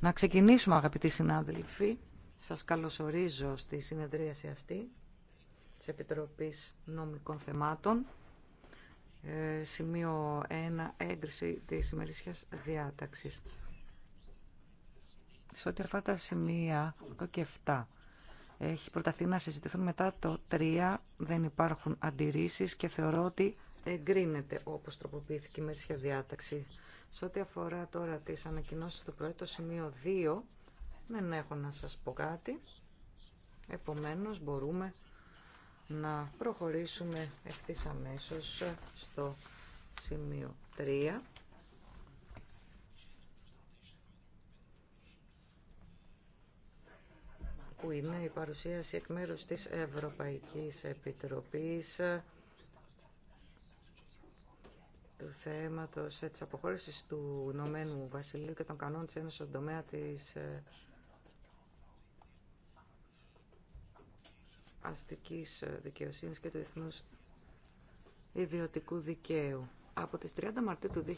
Να ξεκινήσουμε αγαπητοί συνάδελφοι. Σας καλωσορίζω στη συνεδρίαση αυτή της Επιτροπής Νομικών Θεμάτων. Ε, σημείο 1. Έγκριση της ημερήσιας διάταξης. Σε ό,τι αφορά τα σημεία το και 7 έχει προταθεί να συζητηθούν μετά το 3. Δεν υπάρχουν αντιρρήσεις και θεωρώ ότι εγκρίνεται όπως τροποποιήθηκε η ημερήσια διάταξη. Σε ό,τι αφορά τώρα τις ανακοινώσεις του πρωί, το σημείο 2, δεν έχω να σας πω κάτι. Επομένως, μπορούμε να προχωρήσουμε ευθύς αμέσως στο σημείο 3. που είναι η παρουσίαση εκ μέρους της Ευρωπαϊκής Επιτροπής του θέματος ε, της αποχώρησης του Ηνωμένου Βασιλείου και των κανόνων της Ένωσης στον τομέα της ε, αστικής ε, δικαιοσύνης και του Εθνούς Ιδιωτικού Δικαίου. Από τις 30 Μαρτίου του 2019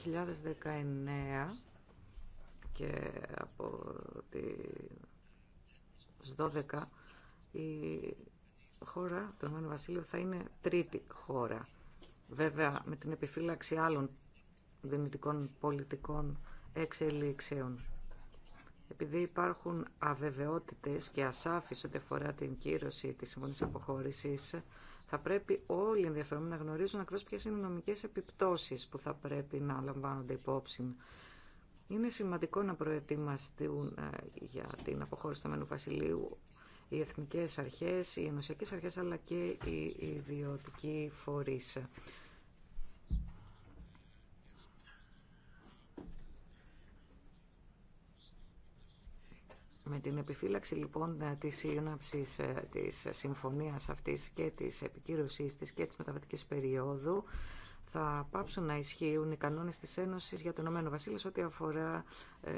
και από τις 12 η χώρα του Ηνωμένου Βασιλείου θα είναι τρίτη χώρα βέβαια με την επιφύλαξη άλλων δυνητικών πολιτικών εξελίξεων. Επειδή υπάρχουν αβεβαιότητες και ασάφεις ό,τι αφορά την κύρωση της συμφωνής αποχώρησης, θα πρέπει όλοι οι ενδιαφερόμενοι να γνωρίζουν ακριβώς ποιες είναι οι νομικές επιπτώσεις που θα πρέπει να λαμβάνονται υπόψη. Είναι σημαντικό να προετοιμαστούν ε, για την αποχώρηση του Βασιλείου οι εθνικές αρχές, οι ενωσιακές αρχές αλλά και οι ιδιωτικοί φορείς. Με την επιφύλαξη λοιπόν της σύναψης ε, της συμφωνίας αυτής και της επικύρωσής της και της μεταβατικής περίοδου θα πάψουν να ισχύουν οι κανόνες της Ένωσης για το Ηνωμένο Βασίλειο ό,τι αφορά ε,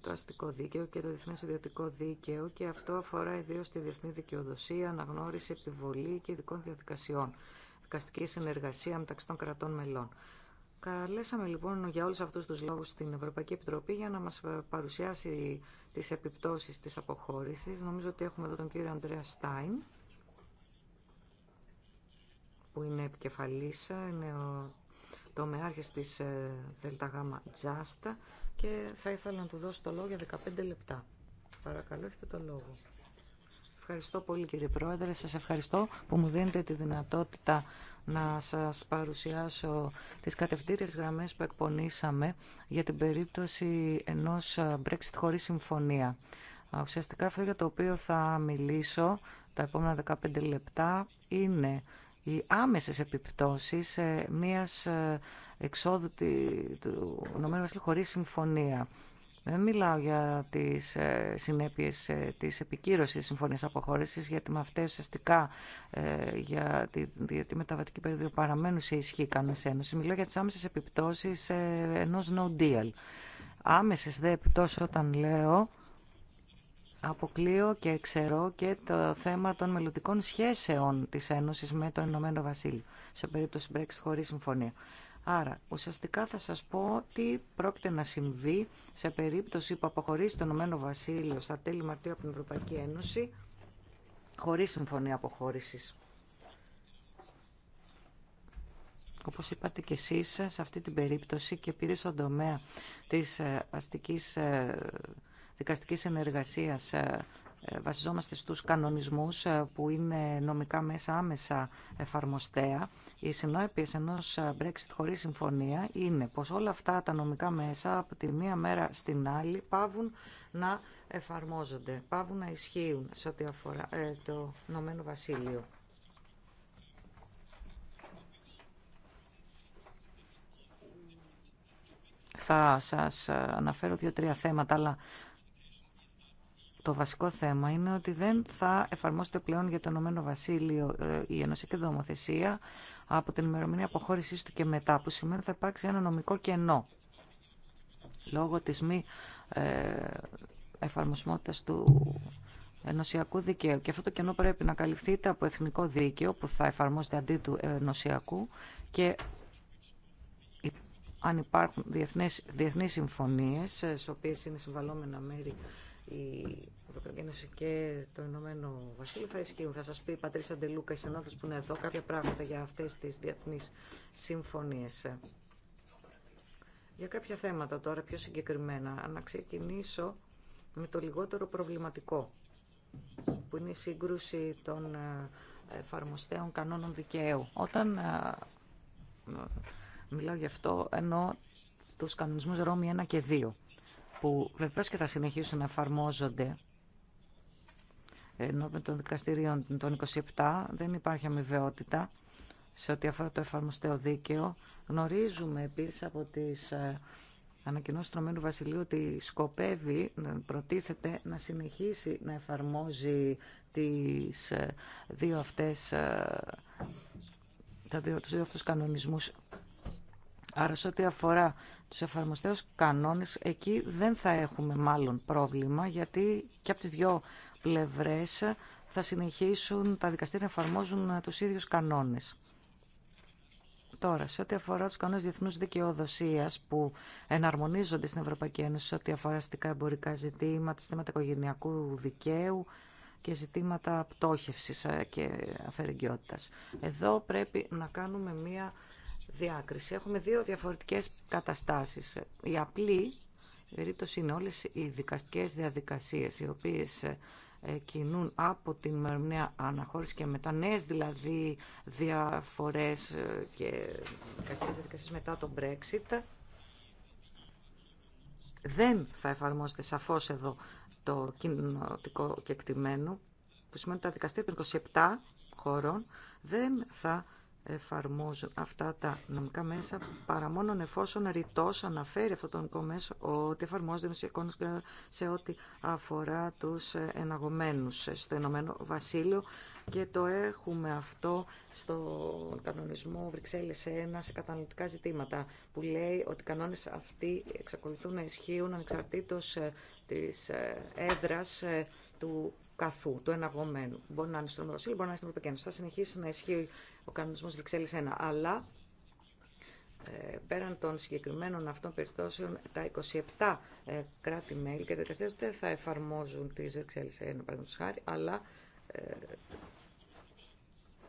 το αστικό δίκαιο και το διεθνές ιδιωτικό δίκαιο και αυτό αφορά ιδίω τη διεθνή δικαιοδοσία, αναγνώριση, επιβολή και ειδικών διαδικασιών, δικαστική συνεργασία μεταξύ των κρατών μελών. Καλέσαμε λοιπόν για όλους αυτούς τους λόγους την Ευρωπαϊκή Επιτροπή για να μας ε, παρουσιάσει τις επιπτώσεις της αποχώρησης. Νομίζω ότι έχουμε εδώ τον κύριο Αντρέα Στάιν που είναι επικεφαλής, ε, είναι ο τομεάρχης της ε, ΓΑΜΑ Τζάστα και θα ήθελα να του δώσω το λόγο για 15 λεπτά. Παρακαλώ, έχετε το λόγο. Ευχαριστώ πολύ κύριε Πρόεδρε, σας ευχαριστώ που μου δίνετε τη δυνατότητα να σας παρουσιάσω τις κατευθύνες γραμμές που εκπονήσαμε για την περίπτωση ενός ε, Brexit χωρίς συμφωνία. Ουσιαστικά αυτό για το οποίο θα μιλήσω τα επόμενα 15 λεπτά είναι οι άμεσες επιπτώσεις ε, μιας ε, εξόδου του Ηνωμένου Βασιλείου χωρίς συμφωνία. Δεν μιλάω για τις ε, συνέπειες της επικύρωσης συμφωνίας αποχώρησης, γιατί με αυτές ουσιαστικά για τη, για τη μεταβατική περίοδο παραμένουν σε ισχύ κανένας ένωση. Μιλάω για τις άμεσες επιπτώσεις ενός no deal. Άμεσες δε επιπτώσεις όταν λέω αποκλείω και εξαιρώ και το θέμα των μελλοντικών σχέσεων της Ένωσης με το Ηνωμένο Βασίλειο σε περίπτωση Brexit χωρίς συμφωνία. Άρα, ουσιαστικά θα σας πω τι πρόκειται να συμβεί σε περίπτωση που αποχωρήσει το Ηνωμένο Βασίλειο στα τέλη Μαρτίου από την Ευρωπαϊκή Ένωση χωρίς συμφωνία αποχώρησης. όπως είπατε και εσείς σε αυτή την περίπτωση και επειδή στον τομέα της ε, αστικής ε, δικαστικής συνεργασίας ε, ε, βασιζόμαστε στους κανονισμούς ε, που είναι νομικά μέσα άμεσα εφαρμοστέα. Οι συνέπειες ενός Brexit χωρίς συμφωνία είναι πως όλα αυτά τα νομικά μέσα από τη μία μέρα στην άλλη πάβουν να εφαρμόζονται, πάβουν να ισχύουν σε ό,τι αφορά το νομένο Βασίλειο. θα σας αναφέρω δύο-τρία θέματα, αλλά το βασικό θέμα είναι ότι δεν θα εφαρμόσετε πλέον για το Ηνωμένο Βασίλειο ε, η ενωσιακή δομοθεσία από την ημερομηνία αποχώρησή του και μετά, που σημαίνει ότι θα υπάρξει ένα νομικό κενό λόγω της μη ε, εφαρμοσμότητας του ενωσιακού δικαίου. Και αυτό το κενό πρέπει να καλυφθείται από εθνικό δίκαιο που θα εφαρμόζεται αντί του ε, ενωσιακού και αν υπάρχουν διεθνείς, διεθνείς συμφωνίες, στις οποίες είναι συμβαλόμενα μέρη η Ευρωπαϊκή Ένωση και το Ηνωμένο Βασίλειο θα ισχύουν. Θα σας πει η Πατρίσα Ντελούκα, η Συνόδο που είναι εδώ, κάποια πράγματα για αυτές τις διεθνεί συμφωνίε. Για κάποια θέματα τώρα πιο συγκεκριμένα, να ξεκινήσω με το λιγότερο προβληματικό, που είναι η σύγκρουση των ε, εφαρμοστέων κανόνων δικαίου. Όταν ε, ε, μιλάω γι' αυτό, εννοώ τους κανονισμούς Ρώμη 1 και 2 που βεβαίω και θα συνεχίσουν να εφαρμόζονται ενώ με των δικαστηρίων των 27 δεν υπάρχει αμοιβαιότητα σε ό,τι αφορά το εφαρμοστέο δίκαιο. Γνωρίζουμε επίσης από τις ε, ανακοινώσεις του Ρωμένου Βασιλείου ότι σκοπεύει, προτίθεται να συνεχίσει να εφαρμόζει τις ε, δύο αυτές, ε, τα δύο, τους δύο κανονισμούς Άρα σε ό,τι αφορά τους εφαρμοστέους κανόνες, εκεί δεν θα έχουμε μάλλον πρόβλημα, γιατί και από τις δυο πλευρές θα συνεχίσουν τα δικαστήρια να εφαρμόζουν ε, τους ίδιους κανόνες. Τώρα, σε ό,τι αφορά του κανόνε διεθνού δικαιοδοσία που εναρμονίζονται στην Ευρωπαϊκή Ένωση, σε ό,τι αφορά αστικά εμπορικά ζητήματα, ζητήματα οικογενειακού δικαίου και ζητήματα πτώχευση ε, και αφαιρεγκαιότητα. Εδώ πρέπει να κάνουμε μία διάκριση. Έχουμε δύο διαφορετικές καταστάσεις. Η απλή η περίπτωση είναι όλες οι δικαστικές διαδικασίες οι οποίες ε, κινούν από την μερμηνέα αναχώρηση και μετά νέες δηλαδή διαφορές ε, και δικαστικές διαδικασίες μετά τον Brexit δεν θα εφαρμόζεται σαφώς εδώ το κοινωτικό κεκτημένο που σημαίνει ότι τα δικαστήρια των 27 χωρών δεν θα εφαρμόζουν αυτά τα νομικά μέσα παρά μόνον εφόσον ρητό αναφέρει αυτό το νομικό μέσο ότι εφαρμόζεται ενωσιακό σε ό,τι αφορά τους εναγωμένους στο Ενωμένο Βασίλειο και το έχουμε αυτό στο κανονισμό Βρυξέλλες 1 σε κατανοητικά ζητήματα που λέει ότι οι κανόνες αυτοί εξακολουθούν να ισχύουν ανεξαρτήτως ε, της ε, έδρας ε, του καθού, του εναγωμένου. Μπορεί να είναι στο Βασίλειο, μπορεί να είναι στην Ευρωπαϊκή Θα συνεχίσει να ισχύει ο κανονισμός Βρυξέλλης 1. Αλλά ε, πέραν των συγκεκριμένων αυτών περιπτώσεων, τα 27 ε, κράτη-μέλη και τα δικαστές δεν θα εφαρμόζουν τις Βρυξέλλης 1, παραδείγματο χάρη, αλλά ε,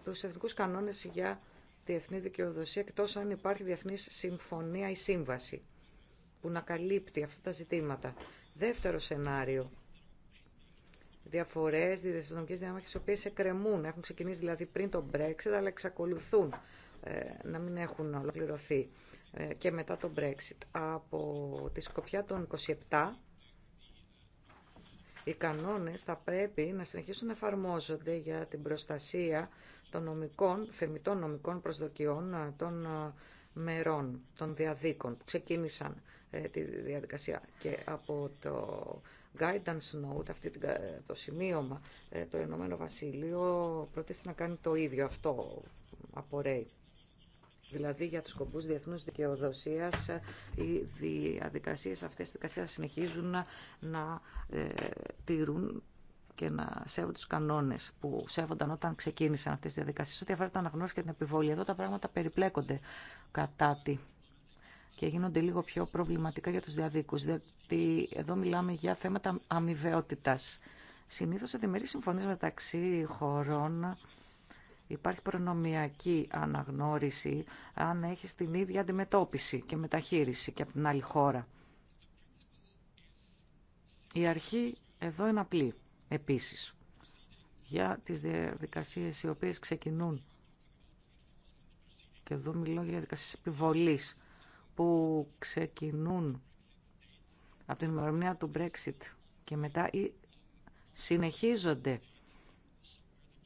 τους εθνικούς κανόνες για διεθνή δικαιοδοσία, εκτό αν υπάρχει διεθνή συμφωνία ή σύμβαση που να καλύπτει αυτά τα ζητήματα. Δεύτερο σενάριο διαφορές, διδεσυνομικές διαμάχε, οι οποίε εκκρεμούν. Έχουν ξεκινήσει δηλαδή πριν το Brexit, αλλά εξακολουθούν ε, να μην έχουν ολοκληρωθεί ε, και μετά το Brexit. Από τη σκοπιά των 27, οι κανόνες θα πρέπει να συνεχίσουν να εφαρμόζονται για την προστασία των νομικών, θεμητών νομικών προσδοκιών ε, των μερών, των διαδίκων που ξεκίνησαν τη διαδικασία και από το guidance note, αυτή το σημείωμα, ε, το Ηνωμένο Βασίλειο προτίθεται να κάνει το ίδιο αυτό, απορρέει. Δηλαδή για τους σκοπούς διεθνούς δικαιοδοσίας ε, οι διαδικασίες αυτές δικασίες θα συνεχίζουν να, να ε, τηρούν και να σέβονται τους κανόνες που σέβονταν όταν ξεκίνησαν αυτές τις διαδικασίες. Ό,τι αφορά τα αναγνώριση και την επιβολή, εδώ τα πράγματα περιπλέκονται κατά τη και γίνονται λίγο πιο προβληματικά για τους διαδίκους, διότι εδώ μιλάμε για θέματα αμοιβαιότητας. Συνήθως σε διμερείς συμφωνίες μεταξύ χωρών υπάρχει προνομιακή αναγνώριση αν έχει την ίδια αντιμετώπιση και μεταχείριση και από την άλλη χώρα. Η αρχή εδώ είναι απλή επίσης για τις διαδικασίες οι οποίες ξεκινούν και εδώ μιλώ για διαδικασίες επιβολής που ξεκινούν από την ημερομηνία του Brexit και μετά ή συνεχίζονται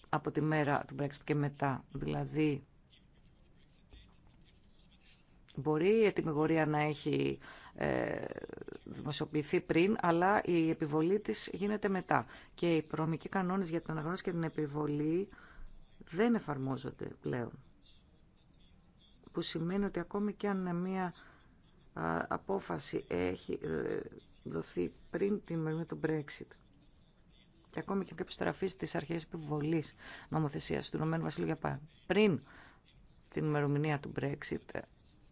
από τη μέρα του Brexit και μετά. Δηλαδή, μπορεί η ετοιμιγορία να έχει ε, δημοσιοποιηθεί πριν, αλλά η επιβολή της γίνεται μετά. Και οι προνομικοί κανόνες για την αναγνώριση και την επιβολή δεν εφαρμόζονται πλέον που σημαίνει ότι ακόμη και αν μια απόφαση έχει ε, δοθεί πριν την ημερομηνία του Brexit και ακόμη και επιστραφή στις αρχές επιβολής νομοθεσίας του Ηνωμένου Βασιλείου για πριν την ημερομηνία του Brexit ε,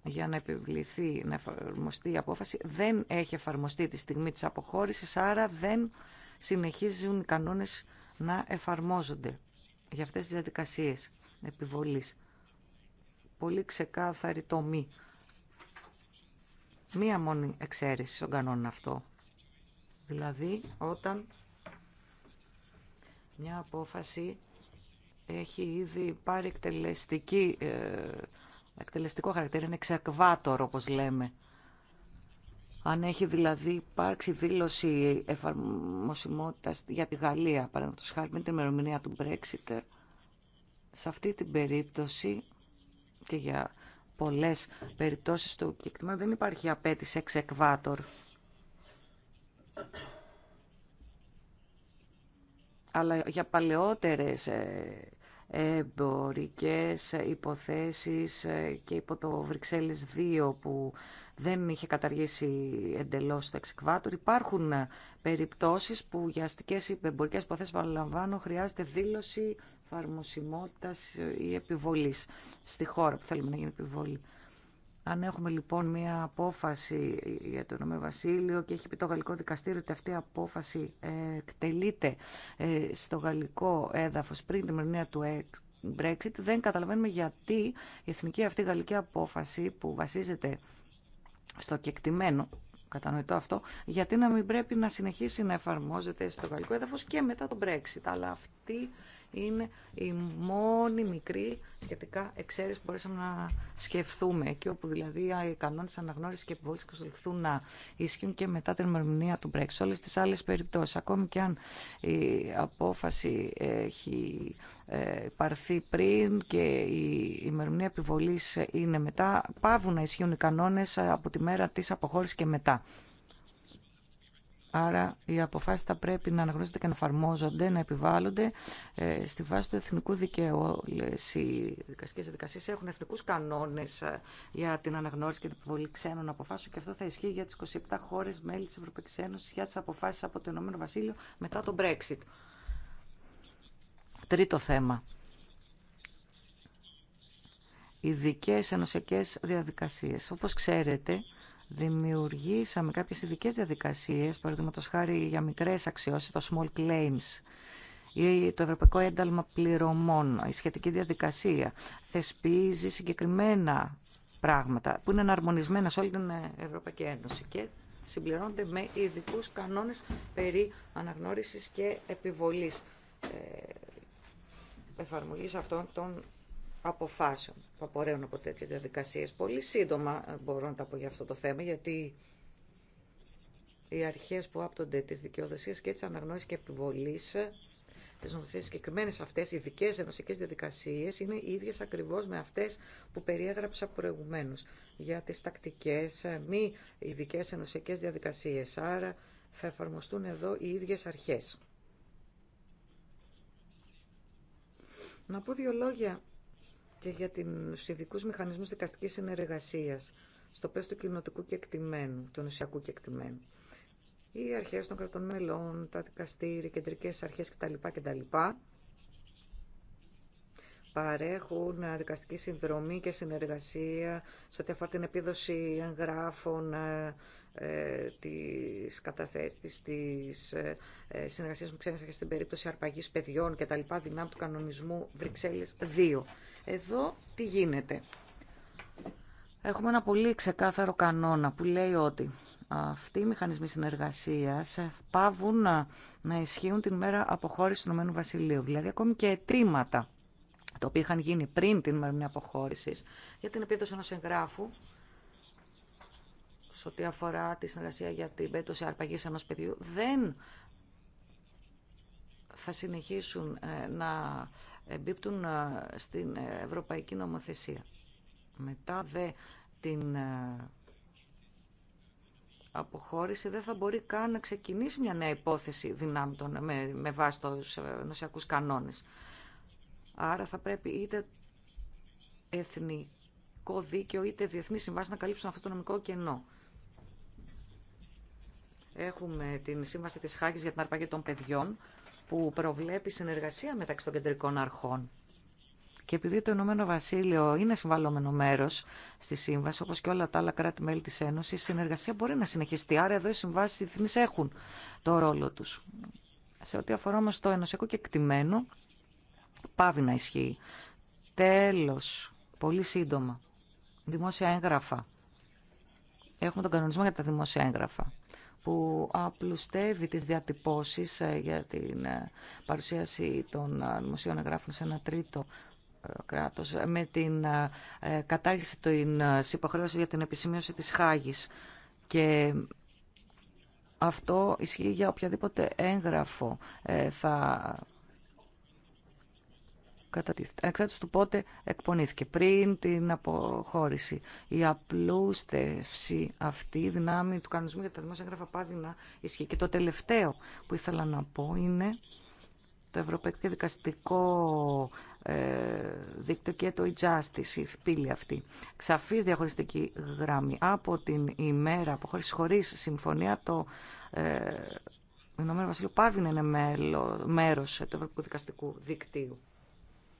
για να επιβληθεί, να εφαρμοστεί η απόφαση, δεν έχει εφαρμοστεί τη στιγμή της αποχώρησης, άρα δεν συνεχίζουν οι κανόνες να εφαρμόζονται για αυτές τις διαδικασίες επιβολής πολύ ξεκάθαρη τομή. Μία μόνη εξαίρεση στον κανόνα αυτό. Δηλαδή όταν μια απόφαση έχει ήδη πάρει εκτελεστική, ε, εκτελεστικό χαρακτήρα, είναι εξακβάτορο όπως λέμε. Αν έχει δηλαδή υπάρξει δήλωση εφαρμοσιμότητας για τη Γαλλία, παραδείγματος χάρη με την ημερομηνία του Brexit, σε αυτή την περίπτωση και για πολλές περιπτώσεις του κεκτημένου δεν υπάρχει απέτηση εξ εκβάτορ. Αλλά για παλαιότερες ε, εμπορικές υποθέσεις ε, και υπό το Βρυξέλλες 2 που δεν είχε καταργήσει εντελώς το εξεκβάτορ. Υπάρχουν περιπτώσεις που για αστικές ή εμπορικές υποθέσεις παραλαμβάνω χρειάζεται δήλωση εφαρμοσιμότητας ε, ή επιβολής στη χώρα που θέλουμε να γίνει επιβολή. Αν έχουμε λοιπόν μία απόφαση για το Ηνωμένο Βασίλειο και έχει πει το Γαλλικό Δικαστήριο ότι αυτή η απόφαση ε, εκτελείται ε, στο γαλλικό έδαφος πριν την μερνία του Brexit, δεν καταλαβαίνουμε γιατί η εθνική αυτή γαλλική απόφαση που βασίζεται στο κεκτημένο, κατανοητό αυτό, γιατί να μην πρέπει να συνεχίσει να εφαρμόζεται στο γαλλικό έδαφος και μετά το Brexit. Αλλά αυτή είναι η μόνη μικρή σχετικά εξαίρεση που μπορέσαμε να σκεφτούμε. Εκεί όπου δηλαδή οι κανόνε αναγνώριση και επιβόληση εξακολουθούν να ισχύουν και μετά την ημερομηνία του Brexit. όλε τι άλλε περιπτώσει, ακόμη και αν η απόφαση έχει ε, πάρθει πριν και η ημερομηνία επιβολή είναι μετά, πάβουν να ισχύουν οι κανόνε από τη μέρα τη αποχώρηση και μετά. Άρα οι αποφάσεις θα πρέπει να αναγνωρίζονται και να εφαρμόζονται, να επιβάλλονται ε, στη βάση του εθνικού δικαίου. οι δικαστικές διαδικασίες έχουν εθνικούς κανόνες ε, για την αναγνώριση και την επιβολή ξένων αποφάσεων και αυτό θα ισχύει για τις 27 χώρες μέλη της Ευρωπαϊκής Ένωσης για τις αποφάσεις από το Ηνωμένο Βασίλειο μετά τον Brexit. Τρίτο θέμα. Ειδικέ ενωσιακέ διαδικασίες. Όπως ξέρετε, δημιουργήσαμε κάποιες ειδικές διαδικασίες, παραδείγματος χάρη για μικρές αξιώσεις, το small claims ή το Ευρωπαϊκό Ένταλμα Πληρωμών. Η σχετική διαδικασία θεσπίζει συγκεκριμένα πράγματα που είναι αναρμονισμένα σε όλη την Ευρωπαϊκή Ένωση και συμπληρώνονται με ειδικού κανόνες περί αναγνώρισης και επιβολής ε, εφαρμογής αυτών των αποφάσεων που απορρέουν από τέτοιε διαδικασίε. Πολύ σύντομα ε, μπορώ να τα πω για αυτό το θέμα, γιατί οι αρχέ που άπτονται τη δικαιοδοσία και τη αναγνώριση και επιβολή τι νομοθεσίε συγκεκριμένε αυτέ, ειδικέ ενωσικέ διαδικασίε, είναι οι ίδιε ακριβώ με αυτέ που περιέγραψα προηγουμένω για τι τακτικέ ε, μη ειδικέ ενωσικέ διαδικασίε. Άρα θα εφαρμοστούν εδώ οι ίδιε αρχέ. Να πω δύο λόγια και για του ειδικούς μηχανισμούς δικαστικής συνεργασίας στο πλαίσιο του και εκτιμένου, του νοσιακού εκτιμένου. Οι αρχέ των κρατών μελών, τα δικαστήρια, κεντρικές αρχές κτλ. κτλ παρέχουν δικαστική συνδρομή και συνεργασία σε ό,τι αφορά την επίδοση εγγράφων ε, ε της καταθέσεις, της ε, ε συνεργασίας με ξένες αρχές στην περίπτωση αρπαγής παιδιών και τα του κανονισμού Βρυξέλλες 2. Εδώ τι γίνεται. Έχουμε ένα πολύ ξεκάθαρο κανόνα που λέει ότι αυτοί οι μηχανισμοί συνεργασίας πάβουν να, ισχύουν την μέρα αποχώρησης του Ηνωμένου Βασιλείου. Δηλαδή ακόμη και αιτήματα τα οποία είχαν γίνει πριν την ημερομηνία αποχώρηση για την επίδοση ενό εγγράφου σε ό,τι αφορά τη συνεργασία για την πέτωση αρπαγή ενό παιδιού, δεν θα συνεχίσουν ε, να εμπίπτουν ε, στην ε, ευρωπαϊκή νομοθεσία. Μετά δε την αποχώρηση δεν θα μπορεί καν να ξεκινήσει μια νέα υπόθεση δυνάμεων με, με βάση τους νοσιακούς κανόνες. Άρα θα πρέπει είτε εθνικό δίκαιο είτε διεθνή συμβάση να καλύψουν αυτό το νομικό κενό. Έχουμε την Σύμβαση της Χάγης για την Αρπαγή των Παιδιών, που προβλέπει συνεργασία μεταξύ των κεντρικών αρχών. Και επειδή το Ηνωμένο Βασίλειο είναι συμβαλλόμενο μέρο στη σύμβαση, όπω και όλα τα άλλα κράτη-μέλη τη Ένωση, η συνεργασία μπορεί να συνεχιστεί. Άρα εδώ οι συμβάσει διεθνεί έχουν το ρόλο του. Σε ό,τι αφορά όμω το ενωσιακό κεκτημένο, πάβει να ισχύει. Τέλο, πολύ σύντομα, δημόσια έγγραφα. Έχουμε τον κανονισμό για τα δημόσια έγγραφα που απλουστεύει τις διατυπώσεις ε, για την ε, παρουσίαση των ε, δημοσίων εγγράφων σε ένα τρίτο κράτος με την κατάργηση της υποχρέωσης για την επισημείωση της Χάγης. Και αυτό ισχύει για οποιαδήποτε έγγραφο θα κατά του πότε εκπονήθηκε. Πριν την αποχώρηση, η απλούστευση αυτή, η δυνάμη του κανονισμού για τα δημόσια έγγραφα πάδινα ισχύει. Και το τελευταίο που ήθελα να πω είναι το Ευρωπαϊκό Δικαστικό ε, Δίκτυο και το e-justice, η πύλη αυτή. Ξαφής διαχωριστική γράμμη. Από την ημέρα αποχώρησης χωρίς συμφωνία το ε, Ηνωμένο Βασίλειο πάβει είναι μέρος του Ευρωπαϊκού Δικαστικού Δικτύου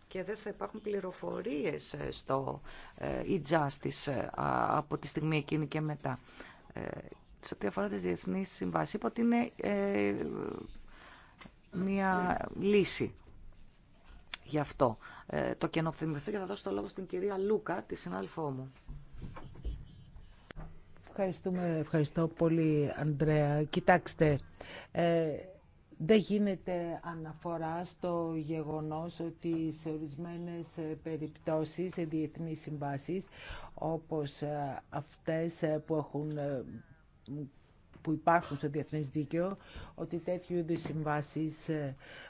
και δεν θα υπάρχουν πληροφορίες ε, στο e-justice ε, ε, από τη στιγμή εκείνη και μετά. Σε ό,τι αφορά τις διεθνείς συμβάσεις, είπα ότι είναι μια λύση γι' αυτό. το κενό που και θα δώσω το λόγο στην κυρία Λούκα, τη συνάδελφό μου. Ευχαριστούμε, ευχαριστώ πολύ, Αντρέα. Κοιτάξτε, ε, δεν γίνεται αναφορά στο γεγονός ότι σε ορισμένες ε, περιπτώσεις, σε διεθνείς συμβάσεις, όπως ε, αυτές ε, που έχουν που υπάρχουν στο διεθνές δίκαιο, ότι τέτοιου είδου συμβάσεις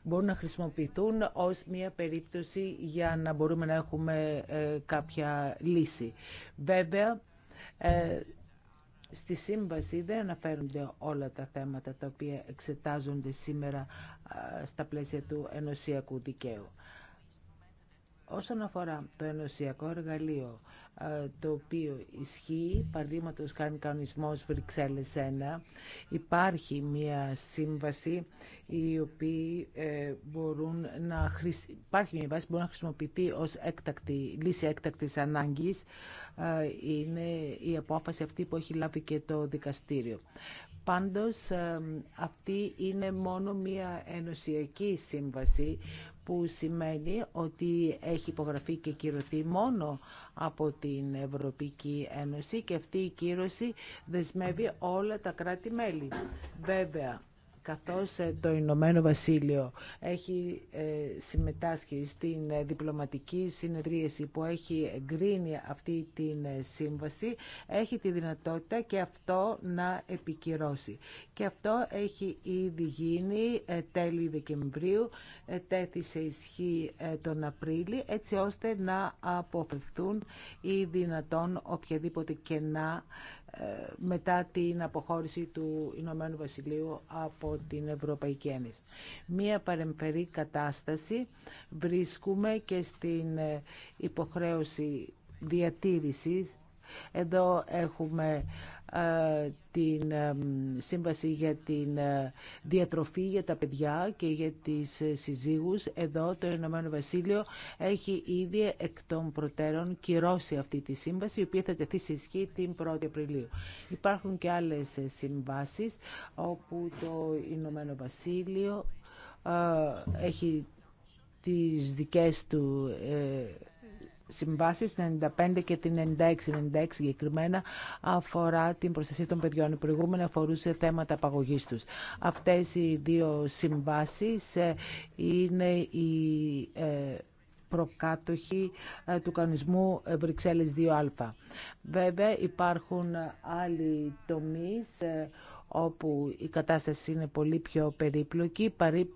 μπορούν να χρησιμοποιηθούν ως μια περίπτωση για να μπορούμε να έχουμε κάποια λύση. Βέβαια, Στη σύμβαση δεν αναφέρονται όλα τα θέματα τα οποία εξετάζονται σήμερα στα πλαίσια του ενωσιακού δικαίου. Όσον αφορά το ενωσιακό εργαλείο, ε, το οποίο ισχύει, παραδείγματο κάνει κανονισμό Βρυξέλλε 1, υπάρχει μια σύμβαση η οποία ε, μπορούν να υπάρχει μια βάση που μπορεί να χρησιμοποιηθεί ως έκτακτη, λύση έκτακτης ανάγκης ε, είναι η απόφαση αυτή που έχει λάβει και το δικαστήριο. Πάντως αυτή είναι μόνο μια ενωσιακή σύμβαση που σημαίνει ότι έχει υπογραφεί και κυρωθεί μόνο από την Ευρωπαϊκή Ένωση και αυτή η κύρωση δεσμεύει όλα τα κράτη-μέλη. Βέβαια, καθώς ε, το Ηνωμένο Βασίλειο έχει ε, συμμετάσχει στην ε, διπλωματική συνεδρίαση που έχει εγκρίνει αυτή την σύμβαση, έχει τη δυνατότητα και αυτό να επικυρώσει. Και αυτό έχει ήδη γίνει τέλη Δεκεμβρίου, τέθη σε ισχύ τον Απρίλη, έτσι ώστε να αποφευθούν ή δυνατόν οποιαδήποτε κενά ε, μετά την αποχώρηση του Ηνωμένου Βασιλείου από την Ευρωπαϊκή Ένωση. Μία παρεμφερή κατάσταση βρίσκουμε και στην ε, υποχρέωση διατήρησης. Εδώ έχουμε ε, την ε, Σύμβαση για την ε, Διατροφή για τα Παιδιά και για τις Συζύγους. Εδώ το Ηνωμένο Βασίλειο έχει ήδη εκ των προτέρων κυρώσει αυτή τη σύμβαση, η οποία θα τεθεί σε ισχύ την 1η Απριλίου. Υπάρχουν και άλλες συμβάσεις όπου το Ηνωμένο Βασίλειο έχει τις δικές του συμβάσεις, την 95 και την 96, 96 συγκεκριμένα, αφορά την προστασία των παιδιών. Η προηγούμενη αφορούσε θέματα απαγωγή του. Αυτέ οι δύο συμβάσει ε, είναι οι ε, προκάτοχοι ε, του κανονισμού Βρυξέλλες 2α. Βέβαια υπάρχουν άλλοι τομείς όπου η κατάσταση είναι πολύ πιο περίπλοκη,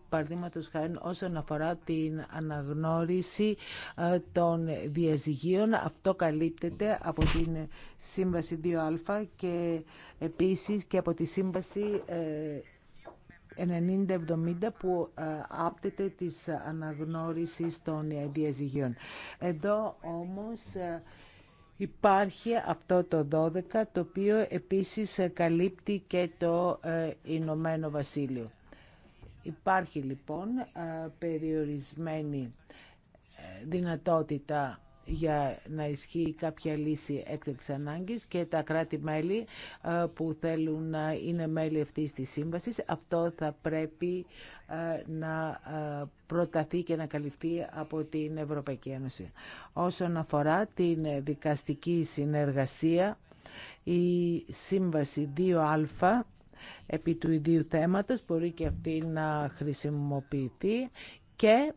παραδείγματο χάρη όσον αφορά την αναγνώριση ε, των διαζυγίων. Αυτό καλύπτεται από την Σύμβαση 2α και επίσης και από τη Σύμβαση 90-70 ε, που ε, άπτεται της αναγνώρισης των διαζυγίων. Εδώ όμως Υπάρχει αυτό το 12 το οποίο επίσης ε, καλύπτει και το ε, Ηνωμένο Βασίλειο. Υπάρχει λοιπόν ε, περιορισμένη δυνατότητα για να ισχύει κάποια λύση έκτακτης ανάγκης και τα κράτη-μέλη ε, που θέλουν να είναι μέλη αυτής της σύμβασης. Αυτό θα πρέπει ε, να ε, προταθεί και να καλυφθεί από την Ευρωπαϊκή Ένωση. Όσον αφορά την δικαστική συνεργασία, η σύμβαση 2α επί του ιδίου θέματος μπορεί και αυτή να χρησιμοποιηθεί και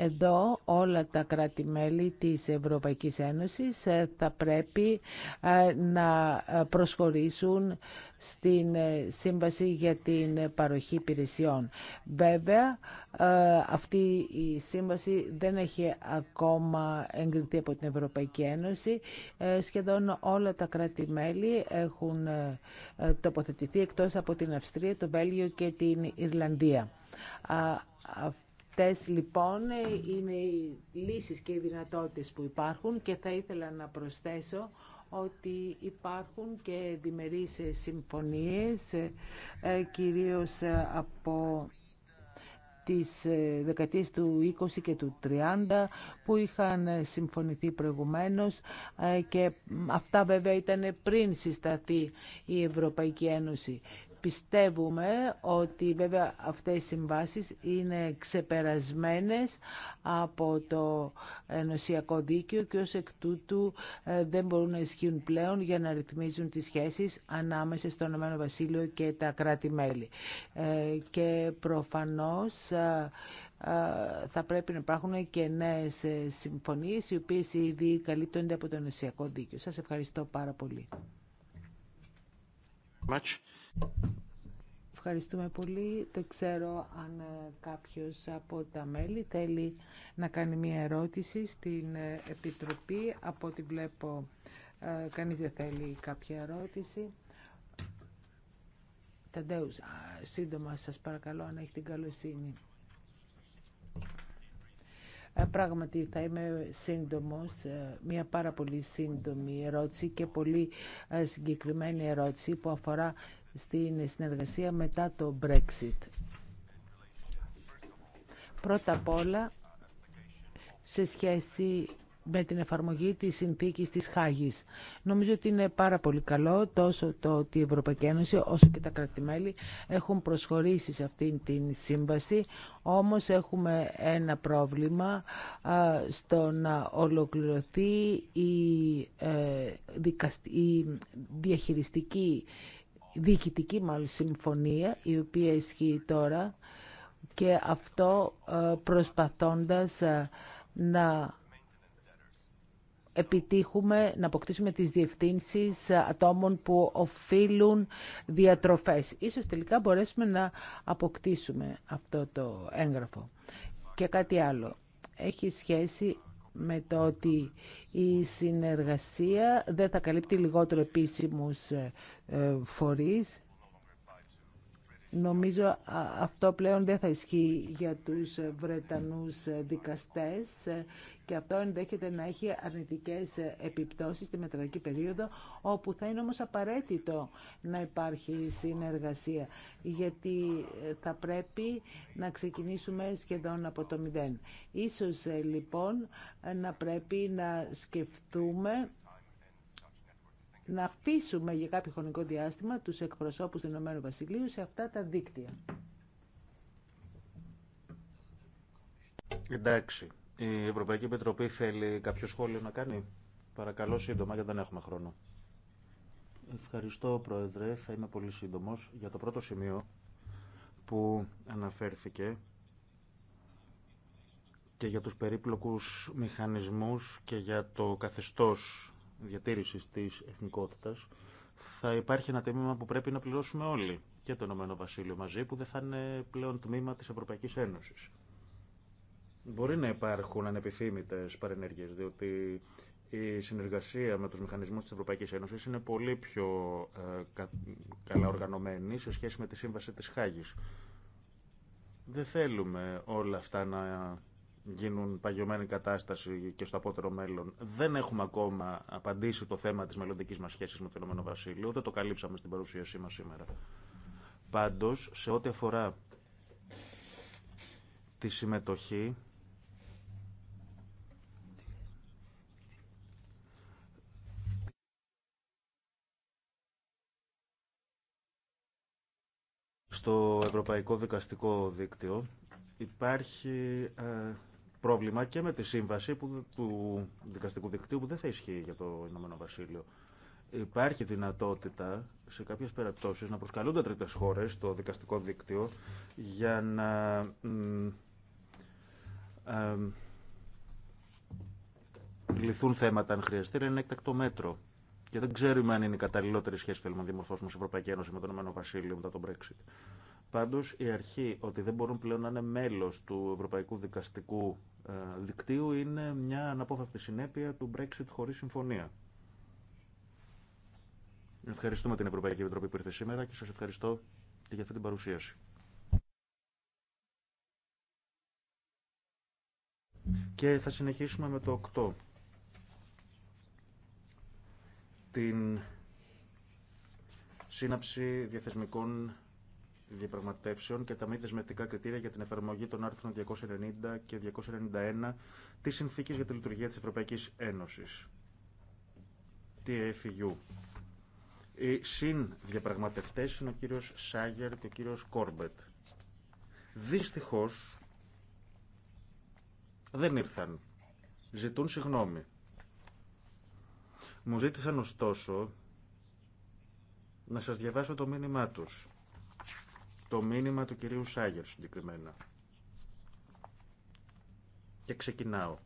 εδώ όλα τα κράτη-μέλη της Ευρωπαϊκής Ένωσης ε, θα πρέπει ε, να ε, προσχωρήσουν στην Σύμβαση για την Παροχή Υπηρεσιών. Βέβαια, αυτή η σύμβαση δεν έχει ακόμα εγκριθεί από την Ευρωπαϊκή Ένωση. Σχεδόν όλα τα κράτη-μέλη έχουν τοποθετηθεί εκτός από την Αυστρία, το Βέλγιο και την Ιρλανδία Αυτές λοιπόν είναι οι λύσεις και οι δυνατότητες που υπάρχουν και θα ήθελα να προσθέσω ότι υπάρχουν και διμερείς συμφωνίες, ε, κυρίως ε, από τις ε, δεκαετίες του 20 και του 30 που είχαν συμφωνηθεί προηγουμένως και αυτά βέβαια ήταν πριν συσταθεί η Ευρωπαϊκή Ένωση. Πιστεύουμε ότι βέβαια αυτές οι συμβάσεις είναι ξεπερασμένες από το ενωσιακό δίκαιο και ως εκ τούτου ε, δεν μπορούν να ισχύουν πλέον για να ρυθμίζουν τις σχέσεις ανάμεσα στον Ηνωμένο Βασίλειο και τα κράτη-μέλη. Ε, και προφανώς ε, θα πρέπει να υπάρχουν και νέες συμφωνίες οι οποίες ήδη καλύπτονται από το ενωσιακό δίκαιο. Σας ευχαριστώ πάρα πολύ. Much. Ευχαριστούμε πολύ. Δεν ξέρω αν ε, κάποιος από τα μέλη θέλει να κάνει μία ερώτηση στην ε, Επιτροπή. Από ό,τι βλέπω, ε, κανείς δεν θέλει κάποια ερώτηση. Ταντέους, σύντομα σας παρακαλώ αν έχει την καλοσύνη. Ε, πράγματι θα είμαι σύντομος, ε, μια πάρα πολύ σύντομη ερώτηση και πολύ ε, συγκεκριμένη ερώτηση που αφορά στην συνεργασία μετά το Brexit. Πρώτα απ' όλα, σε σχέση με την εφαρμογή της συνθήκης της Χάγης. Νομίζω ότι είναι πάρα πολύ καλό τόσο το ότι η Ευρωπαϊκή Ένωση όσο και τα κρατημέλη έχουν προσχωρήσει σε αυτήν την σύμβαση, όμως έχουμε ένα πρόβλημα στο να ολοκληρωθεί ε, η διαχειριστική, διοικητική μάλλον συμφωνία η οποία ισχύει τώρα και αυτό ε, προσπαθώντας ε, να επιτύχουμε να αποκτήσουμε τις διευθύνσεις ατόμων που οφείλουν διατροφές. Ίσως τελικά μπορέσουμε να αποκτήσουμε αυτό το έγγραφο. Και κάτι άλλο. Έχει σχέση με το ότι η συνεργασία δεν θα καλύπτει λιγότερο επίσημους ε, ε, φορείς Νομίζω αυτό πλέον δεν θα ισχύει για τους Βρετανούς δικαστές και αυτό ενδέχεται να έχει αρνητικές επιπτώσεις στη μετρατική περίοδο, όπου θα είναι όμως απαραίτητο να υπάρχει συνεργασία, γιατί ε, θα πρέπει να ξεκινήσουμε σχεδόν από το μηδέν. Ίσως ε, λοιπόν ε, να πρέπει να σκεφτούμε να αφήσουμε για κάποιο χρονικό διάστημα τους εκπροσώπους του Ηνωμένου Βασιλείου σε αυτά τα δίκτυα. Εντάξει. Η Ευρωπαϊκή Επιτροπή θέλει κάποιο σχόλιο να κάνει. Παρακαλώ σύντομα, γιατί δεν έχουμε χρόνο. Ευχαριστώ, Πρόεδρε. Θα είμαι πολύ σύντομος για το πρώτο σημείο που αναφέρθηκε και για τους περίπλοκους μηχανισμούς και για το καθεστώς διατήρησης της εθνικότητας, θα υπάρχει ένα τμήμα που πρέπει να πληρώσουμε όλοι και το Ηνωμένο Βασίλειο μαζί, που δεν θα είναι πλέον τμήμα της Ευρωπαϊκής Ένωσης. Μπορεί να υπάρχουν ανεπιθύμητες παρενέργειες, διότι η συνεργασία με τους μηχανισμούς της Ευρωπαϊκής Ένωσης είναι πολύ πιο ε, καλά οργανωμένη σε σχέση με τη Σύμβαση της Χάγης. Δεν θέλουμε όλα αυτά να γίνουν παγιωμένη κατάσταση και στο απότερο μέλλον. Δεν έχουμε ακόμα απαντήσει το θέμα της μελλοντική μας σχέσης με το Ηνωμένο Βασίλειο, ούτε το καλύψαμε στην παρουσίασή μα σήμερα. Πάντως, σε ό,τι αφορά τη συμμετοχή στο Ευρωπαϊκό Δικαστικό Δίκτυο υπάρχει ε, πρόβλημα και με τη σύμβαση που, του δικαστικού δικτύου που δεν θα ισχύει για το Ηνωμένο Βασίλειο. Υπάρχει δυνατότητα σε κάποιες περιπτώσεις να προσκαλούνται τρίτες χώρες στο δικαστικό δίκτυο για να ε, λυθούν θέματα αν χρειαστεί, είναι ένα έκτακτο μέτρο. Και δεν ξέρουμε αν είναι η καταλληλότερη σχέση που θέλουμε να δημορφώσουμε στην Ευρωπαϊκή Ένωση με το Ηνωμένο Βασίλειο μετά τον Brexit. Πάντω η αρχή ότι δεν μπορούν πλέον να είναι μέλο του Ευρωπαϊκού Δικαστικού ε, Δικτύου είναι μια αναπόφευκτη συνέπεια του Brexit χωρί συμφωνία. Ευχαριστούμε την Ευρωπαϊκή Επιτροπή που ήρθε σήμερα και σα ευχαριστώ και για αυτή την παρουσίαση. Και θα συνεχίσουμε με το 8. Την σύναψη διαθεσμικών διαπραγματεύσεων και τα μη δεσμευτικά κριτήρια για την εφαρμογή των άρθρων 290 και 291 της συνθήκη για τη Λειτουργία της Ευρωπαϊκής Ένωσης. TFU. Οι συνδιαπραγματευτές είναι ο κύριος Σάγερ και ο κύριος Κόρμπετ. Δυστυχώς δεν ήρθαν. Ζητούν συγγνώμη. Μου ζήτησαν ωστόσο να σας διαβάσω το μήνυμά τους το μήνυμα του κυρίου Σάγερ συγκεκριμένα. Και ξεκινάω.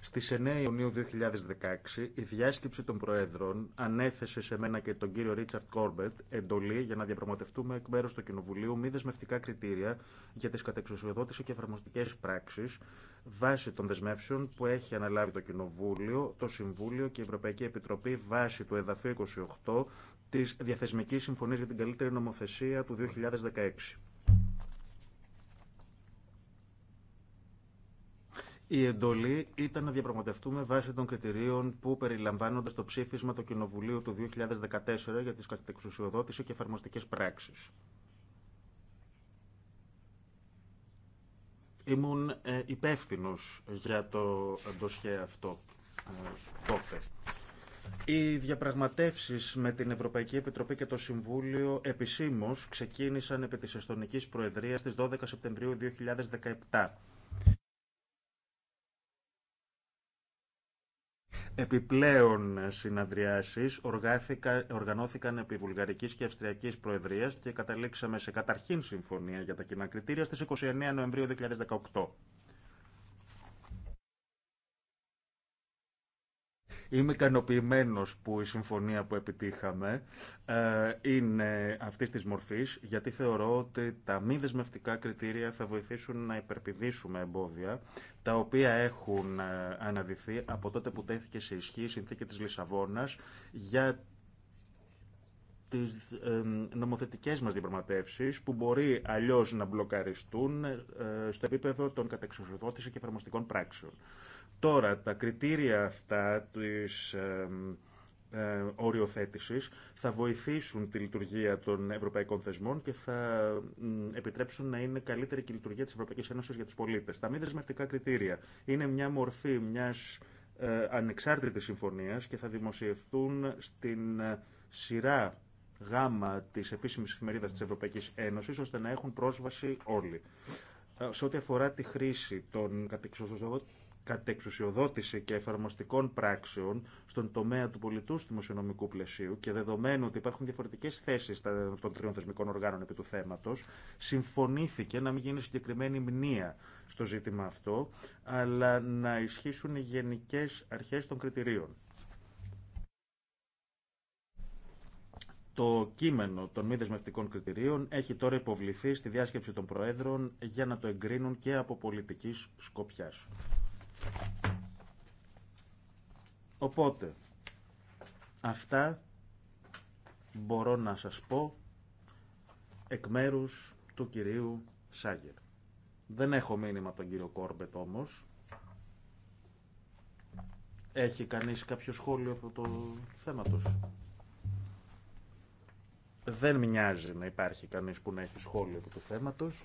στι 9 Ιουνίου 2016 η διάσκεψη των Προέδρων ανέθεσε σε μένα και τον κύριο Ρίτσαρτ Κόρμπετ εντολή για να διαπραγματευτούμε εκ μέρου του Κοινοβουλίου μη δεσμευτικά κριτήρια για τι κατεξουσιοδότηση και εφαρμοστικέ πράξει βάσει των δεσμεύσεων που έχει αναλάβει το Κοινοβούλιο, το Συμβούλιο και η Ευρωπαϊκή Επιτροπή βάσει του εδαφείου 28 Τη Διαθεσμική Συμφωνία για την Καλύτερη Νομοθεσία του 2016. Η εντολή ήταν να διαπραγματευτούμε βάσει των κριτηρίων που περιλαμβάνονται στο ψήφισμα του Κοινοβουλίου του 2014 για τις καθεξουσιοδότηση και εφαρμοστικές πράξεις. Ήμουν ε, υπεύθυνο για το ντοσχέ αυτό. Ε, οι διαπραγματεύσεις με την Ευρωπαϊκή Επιτροπή και το Συμβούλιο επισήμως ξεκίνησαν επί της εστονική Προεδρίας στι 12 Σεπτεμβρίου 2017. Επιπλέον συναντριάσεις οργανώθηκαν επί Βουλγαρικής και Αυστριακής Προεδρίας και καταλήξαμε σε καταρχήν συμφωνία για τα κοινά κριτήρια στις 29 Νοεμβρίου 2018. Είμαι ικανοποιημένο που η συμφωνία που επιτύχαμε ε, είναι αυτή τη μορφή, γιατί θεωρώ ότι τα μη δεσμευτικά κριτήρια θα βοηθήσουν να υπερπηδήσουμε εμπόδια, τα οποία έχουν ε, αναδυθεί από τότε που τέθηκε σε ισχύ η συνθήκη τη Λισαβόνα για τις ε, νομοθετικές μας διαπραγματεύσεις που μπορεί αλλιώς να μπλοκαριστούν στο επίπεδο των κατεξοδότηση και εφαρμοστικών πράξεων. Τώρα, τα κριτήρια αυτά της ε, οριοθέτησης θα βοηθήσουν τη λειτουργία των ευρωπαϊκών θεσμών και θα επιτρέψουν να είναι καλύτερη και η λειτουργία της Ευρωπαϊκής Ένωσης για τους πολίτες. Τα μη δεσμευτικά κριτήρια είναι μια μορφή μιας ε, ανεξάρτητης συμφωνίας και θα δημοσιευτούν στην ε, σειρά γάμα της επίσημης εφημερίδας της Ευρωπαϊκής Ένωσης ώστε να έχουν πρόσβαση όλοι. Ε, σε ό,τι αφορά τη χρήση των κατεξουσιοδότητων εξουσιοδότηση και εφαρμοστικών πράξεων στον τομέα του πολιτού δημοσιονομικού πλαισίου και δεδομένου ότι υπάρχουν διαφορετικέ θέσει των τριών θεσμικών οργάνων επί του θέματο, συμφωνήθηκε να μην γίνει συγκεκριμένη μνήμα στο ζήτημα αυτό, αλλά να ισχύσουν οι γενικέ αρχέ των κριτηρίων. Το κείμενο των μη δεσμευτικών κριτηρίων έχει τώρα υποβληθεί στη διάσκεψη των Προέδρων για να το εγκρίνουν και από πολιτικής σκοπιάς. Οπότε, αυτά μπορώ να σας πω εκ μέρους του κυρίου Σάγκερ. Δεν έχω μήνυμα από τον κύριο Κόρμπετ όμως. Έχει κανείς κάποιο σχόλιο από το θέμα τους. Δεν μοιάζει να υπάρχει κανείς που να έχει σχόλιο από το θέμα τους.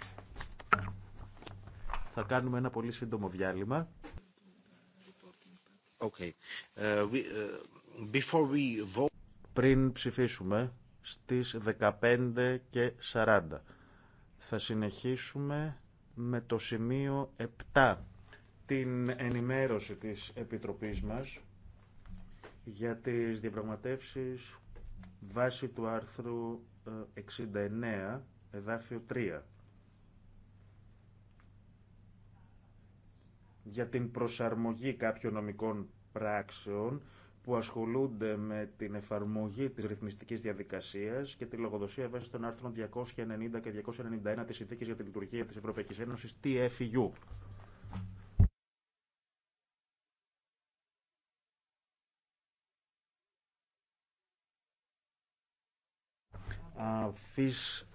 Θα κάνουμε ένα πολύ σύντομο διάλειμμα. Uh, uh, Πριν ψηφίσουμε στις 15 και 40 θα συνεχίσουμε με το σημείο 7 την ενημέρωση της Επιτροπής μας για τις διαπραγματεύσεις βάσει του άρθρου 69 ε, εδάφιο 3. για την προσαρμογή κάποιων νομικών πράξεων που ασχολούνται με την εφαρμογή της ρυθμιστικής διαδικασίας και τη λογοδοσία βάσει των άρθρων 290 και 291 της Συνθήκης για τη Λειτουργία της Ευρωπαϊκής Ένωσης, TFU. αυτή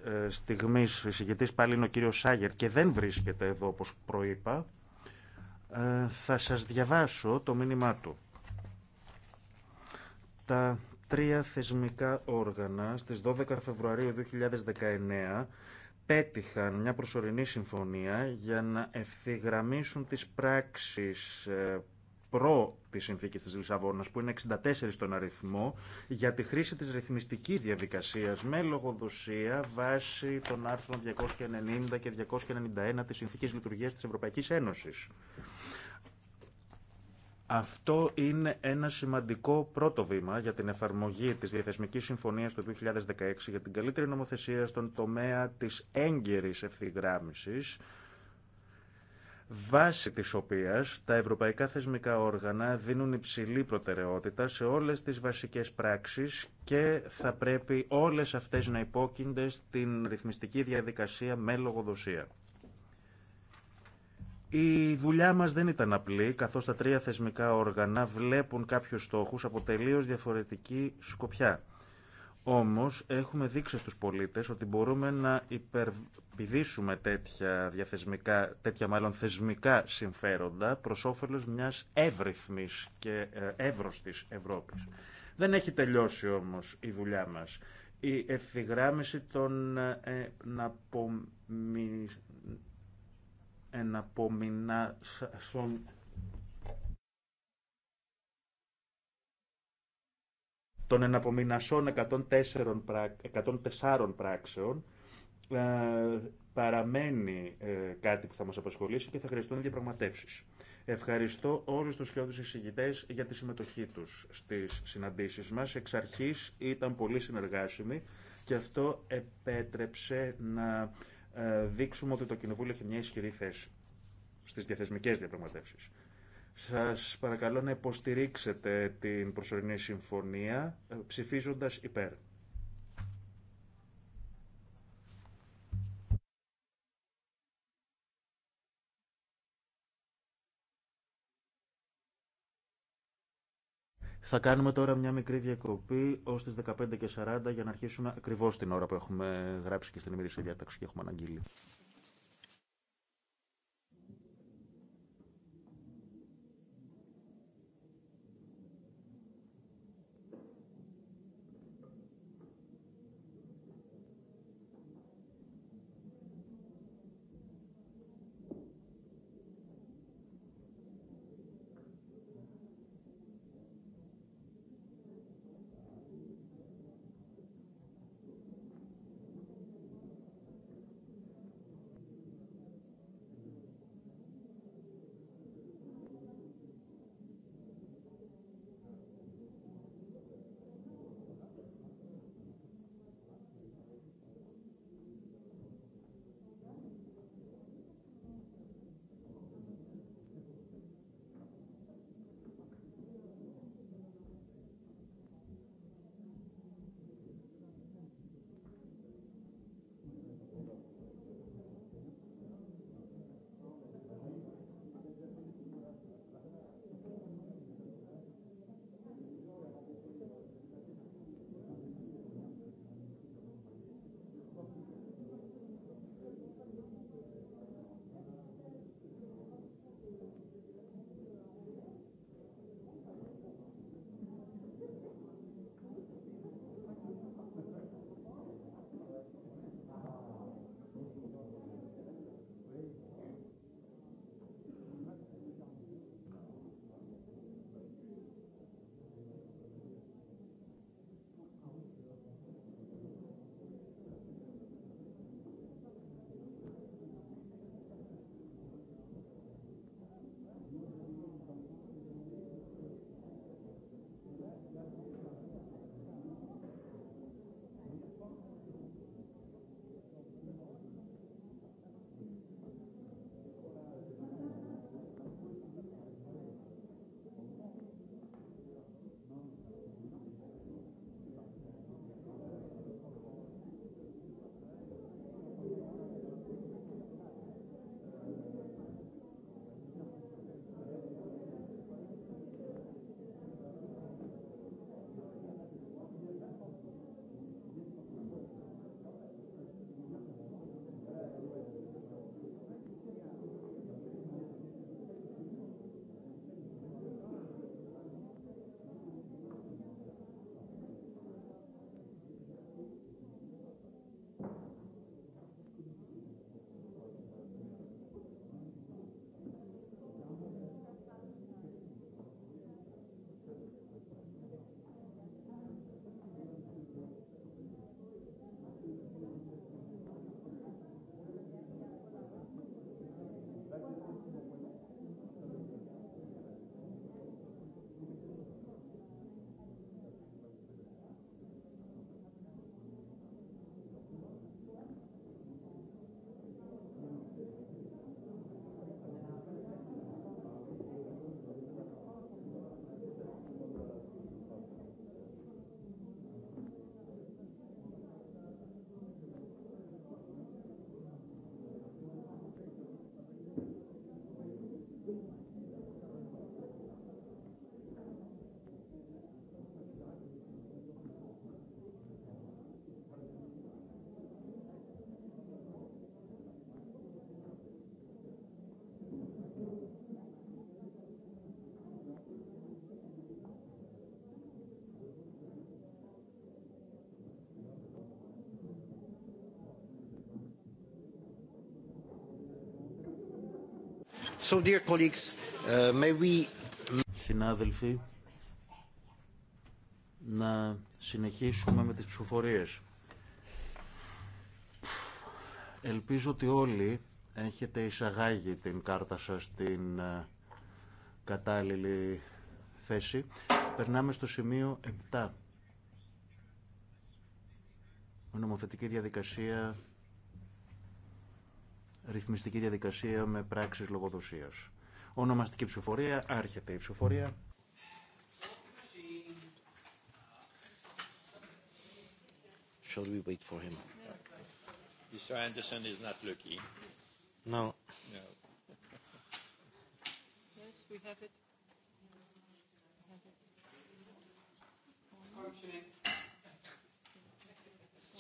ε, στιγμή εισηγητή πάλι είναι ο κύριο Σάγερ και δεν βρίσκεται εδώ όπω προείπα. Ε, θα σας διαβάσω το μήνυμά του. Τα τρία θεσμικά όργανα στις 12 Φεβρουαρίου 2019 πέτυχαν μια προσωρινή συμφωνία για να ευθυγραμμίσουν τις πράξεις ε, προ τη συνθήκη τη Λισαβόνα, που είναι 64 στον αριθμό, για τη χρήση τη ρυθμιστική διαδικασία με λογοδοσία βάσει των άρθρων 290 και 291 τη συνθήκη λειτουργία τη Ευρωπαϊκή Ένωση. Αυτό είναι ένα σημαντικό πρώτο βήμα για την εφαρμογή της Διαθεσμικής Συμφωνίας του 2016 για την καλύτερη νομοθεσία στον τομέα της έγκαιρης ευθυγράμμισης βάση της οποίας τα ευρωπαϊκά θεσμικά όργανα δίνουν υψηλή προτεραιότητα σε όλες τις βασικές πράξεις και θα πρέπει όλες αυτές να υπόκεινται στην ρυθμιστική διαδικασία με λογοδοσία. Η δουλειά μας δεν ήταν απλή, καθώς τα τρία θεσμικά όργανα βλέπουν κάποιους στόχους από τελείως διαφορετική σκοπιά. Όμως έχουμε δείξει στους πολίτες ότι μπορούμε να υπερπηδήσουμε τέτοια διαθεσμικά, τέτοια μάλλον θεσμικά συμφέροντα προς όφελος μιας εύρυθμης και ε, εύρωστης Ευρώπης. Δεν έχει τελειώσει όμως η δουλειά μας. Η ευθυγράμμιση των ε, εναπομεινάσεων των εναπομεινασών 104, 104 πράξεων ε, παραμένει ε, κάτι που θα μας απασχολήσει και θα χρειαστούν διαπραγματεύσεις. Ευχαριστώ όλους τους χιόδους εισηγητές για τη συμμετοχή τους στις συναντήσεις μας. Εξ αρχής ήταν πολύ συνεργάσιμοι και αυτό επέτρεψε να ε, δείξουμε ότι το Κοινοβούλιο έχει μια ισχυρή θέση στις διαθεσμικές διαπραγματεύσεις. Σας παρακαλώ να υποστηρίξετε την προσωρινή συμφωνία ε, ψηφίζοντας υπέρ. Θα κάνουμε τώρα μια μικρή διακοπή ω τι 15.40 για να αρχίσουμε ακριβώς την ώρα που έχουμε γράψει και στην ημερήσια διάταξη και έχουμε αναγγείλει. Uh, Συνάδελφοι, να συνεχίσουμε με τις ψηφοφορίες. Ελπίζω ότι όλοι έχετε εισαγάγει την κάρτα σας στην ε, κατάλληλη θέση. Περνάμε στο σημείο 7. Νομοθετική διαδικασία ρυθμιστική διαδικασία με πράξεις λογοδοσίας. Ονομαστική ψηφοφορία, άρχεται η ψηφοφορία. Shall we wait for him? Mr. Anderson is not looking. No. No. yes, we have it.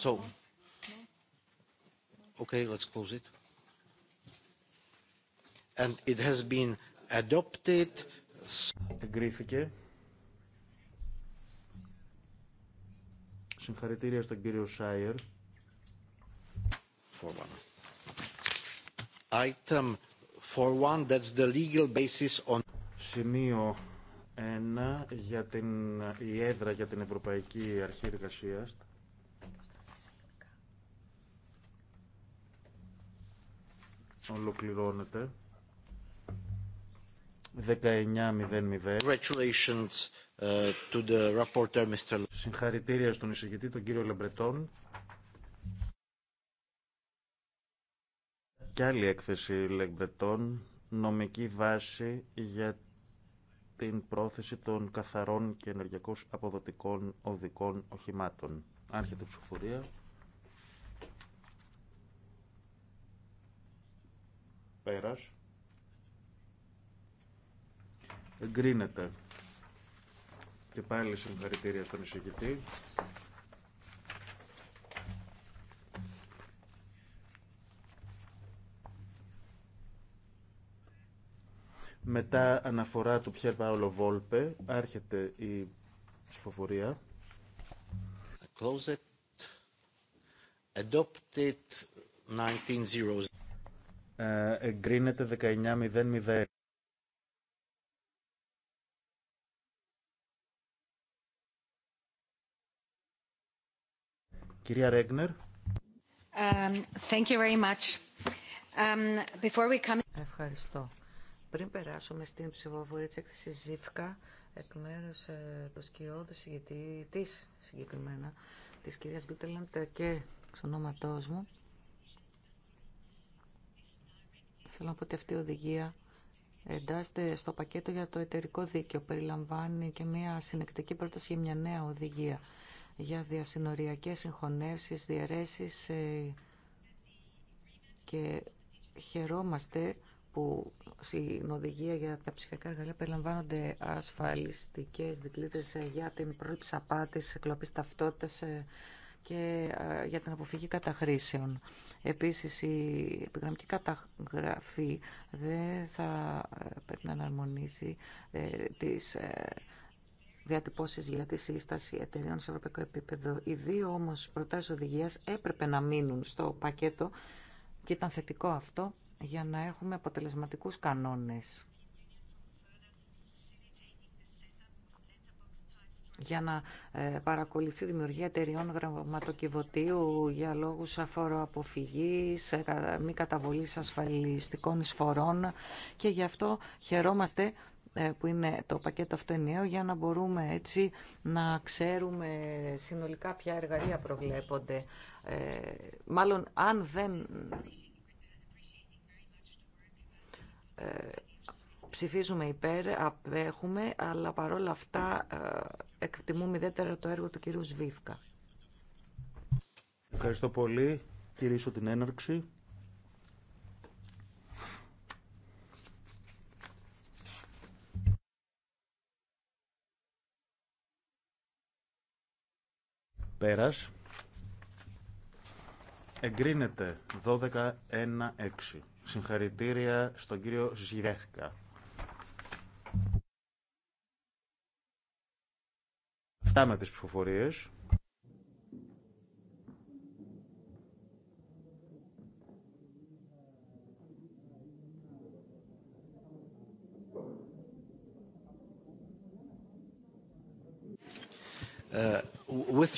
So, okay, let's close it it has Εγκρίθηκε. Συγχαρητήρια στον κύριο Σάιερ. the legal on... Σημείο 1 για την η έδρα για την Ευρωπαϊκή Αρχή Εργασίας. Ολοκληρώνεται. 19.00. Uh, Συγχαρητήρια στον εισηγητή, τον κύριο Λεμπρετών. Και άλλη έκθεση Λεμπρετών, νομική βάση για την πρόθεση των καθαρών και ενεργειακώς αποδοτικών οδικών οχημάτων. Άρχεται ψηφοφορία. Πέρας. Εγκρίνεται. Και πάλι συγχαρητήρια στον εισηγητή. Μετά αναφορά του Πιέρ Παόλο Βόλπε, άρχεται η ψηφοφορία. Close 19 ε, εγκρίνεται 19.00. Κυρία Ρέγνερ. Um, um, Ευχαριστώ. Πριν περάσουμε στην ψηφοφορία της έκθεσης ΖΙΦΚΑ, εκ μέρου ε, του σκιώδη συγγετή συγκεκριμένα, τη κυρίας Γκούτελαντ και εξ ονόματό μου, θέλω να πω ότι αυτή η οδηγία εντάσσεται στο πακέτο για το εταιρικό δίκαιο. Περιλαμβάνει και μια συνεκτική πρόταση για μια νέα οδηγία για διασυνοριακές συγχωνεύσεις, διαιρέσεις ε, και χαιρόμαστε που στην οδηγία για τα ψηφιακά εργαλεία περιλαμβάνονται ασφαλιστικές δικλείδες ε, για την πρόληψη απάτης, κλοπής ταυτότητας ε, και για την αποφυγή καταχρήσεων. Επίσης, η επιγραμμική καταγραφή δεν θα πρέπει να αναρμονίζει τις διατυπώσεις για τη σύσταση εταιρεών σε ευρωπαϊκό επίπεδο. Οι δύο όμως προτάσει οδηγία έπρεπε να μείνουν στο πακέτο και ήταν θετικό αυτό για να έχουμε αποτελεσματικούς κανόνες. για να ε, παρακολουθεί δημιουργία εταιριών γραμματοκιβωτίου για λόγους αφοροαποφυγής, ε, μη καταβολής ασφαλιστικών εισφορών και γι' αυτό χαιρόμαστε ε, που είναι το πακέτο αυτό για να μπορούμε έτσι να ξέρουμε συνολικά ποια εργαλεία προβλέπονται. Ε, μάλλον αν δεν ε, ψηφίζουμε υπέρ, απέχουμε, αλλά παρόλα αυτά εκτιμούμε ιδιαίτερα το έργο του κυρίου Σβίφκα. Ευχαριστώ πολύ. Κυρίσω την έναρξη. εγκρινεται Εγκρίνεται 12-1-6. Συγχαρητήρια στον κύριο Ζιρέχκα. Αυτά με τις ψηφοφορίες.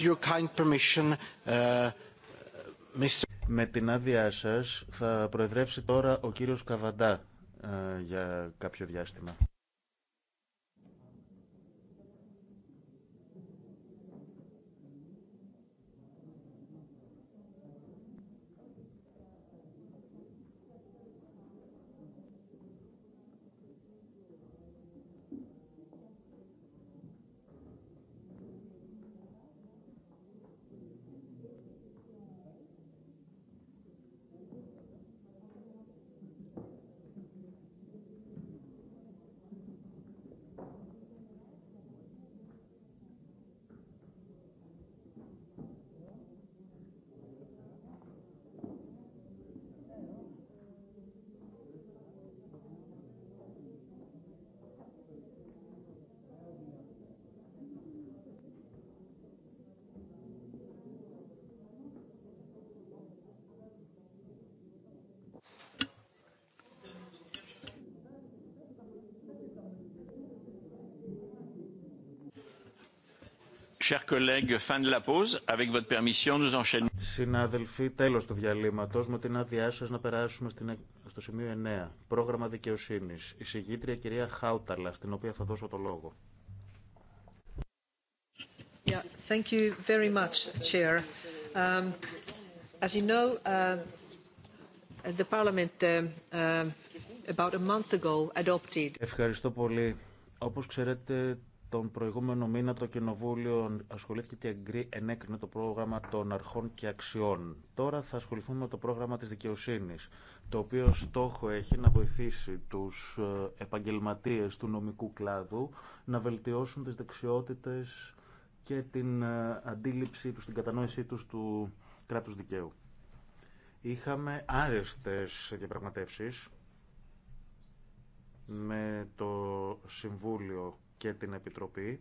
Uh, Με την άδειά σας θα προεδρεύσει τώρα ο κύριος Καβαντά ε, για κάποιο διάστημα. Συνάδελφοι, τέλος του διαλύματος, με την άδειά σας να περάσουμε στην, στο σημείο 9, πρόγραμμα δικαιοσύνης. Η συγγήτρια κυρία Χάουταλα, στην οποία θα δώσω το λόγο. Yeah, thank you very much, Chair. Um, as you know, uh, the Parliament uh, uh, about a month ago adopted. Ευχαριστώ πολύ. Όπως ξέρετε, τον προηγούμενο μήνα το Κοινοβούλιο ασχολήθηκε και ενέκρινε το πρόγραμμα των αρχών και αξιών. Τώρα θα ασχοληθούμε με το πρόγραμμα της δικαιοσύνης, το οποίο στόχο έχει να βοηθήσει τους ε, επαγγελματίες του νομικού κλάδου να βελτιώσουν τις δεξιότητες και την ε, αντίληψή τους, την κατανόησή τους του κράτους δικαίου. Είχαμε άρεστες διαπραγματεύσεις με το Συμβούλιο και την Επιτροπή